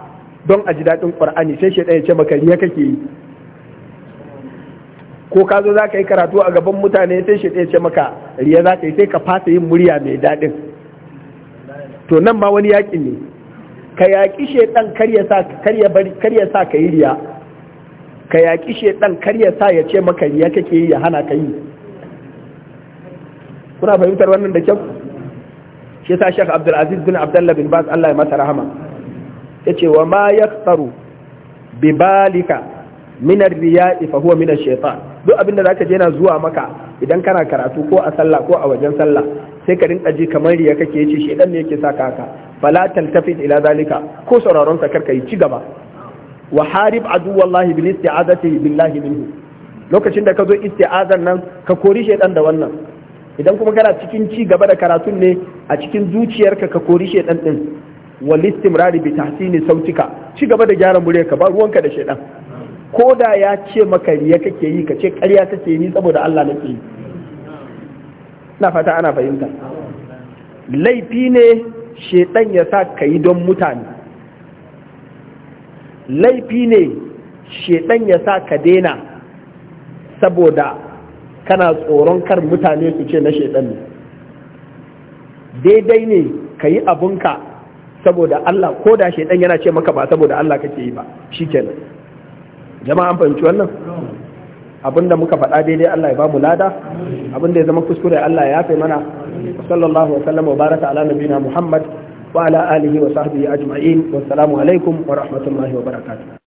don a ji daɗin ƙur'ani sai shaidan ya ce maka ya kake yi ko ka zo za ka yi karatu a gaban mutane sai shaidan ya ce maka riya za ka yi sai ka fasa yin murya mai daɗin to nan ma wani yaƙi ne ka yaƙi shaidan kar ya sa ka yi riya ka yaƙi shaidan kar ya sa ya ce maka riya kake yi ya hana ka yi kuna fahimtar wannan da kyau shi yasa Sheikh bin Abdullah bin Baz Allah ya masa rahama ce wa ma tsaro bi balika min ar-riya'i fa huwa min ash-shaytan zaka je yana zuwa maka idan kana karatu ko a sallah ko a wajen sallah sai ka rinka ji kamar riya kake yace shi dan ne yake saka haka fala taltafit ila zalika ko sauraron sa karka yi ci gaba wa harib adu wallahi bil isti'azati billahi minhu lokacin da ka zo isti'azan nan ka kori shaidan da wannan idan kuma kana cikin ci gaba da karatun ne a cikin zuciyarka ka kori shaidan din wal istimrari bi tahsini sautika ci gaba da gyara muryarka ba ruwanka da shaidan ko da ya ce maka riya kake yi ka ce ƙarya kake yi saboda Allah nake yi na fata ana fahimta laifi ne shedan ya sa ka yi don mutane laifi ne shedan ya sa ka daina saboda kana tsoron kar mutane su ce na shedan ne daidai ne ka yi abunka saboda Allah ko da shedan yana ce maka ba saboda Allah kake yi ba kenan jama'an fahimci wannan abinda muka faɗa daidai Allah ya ba mu lada abinda ya zama kuskure Allah ya yafe mana sallallahu wa sallama wa baraka ala nabiyina Muhammad wa ala alihi wa sahbihi ajma'in wa assalamu alaikum wa rahmatullahi wa barakatuh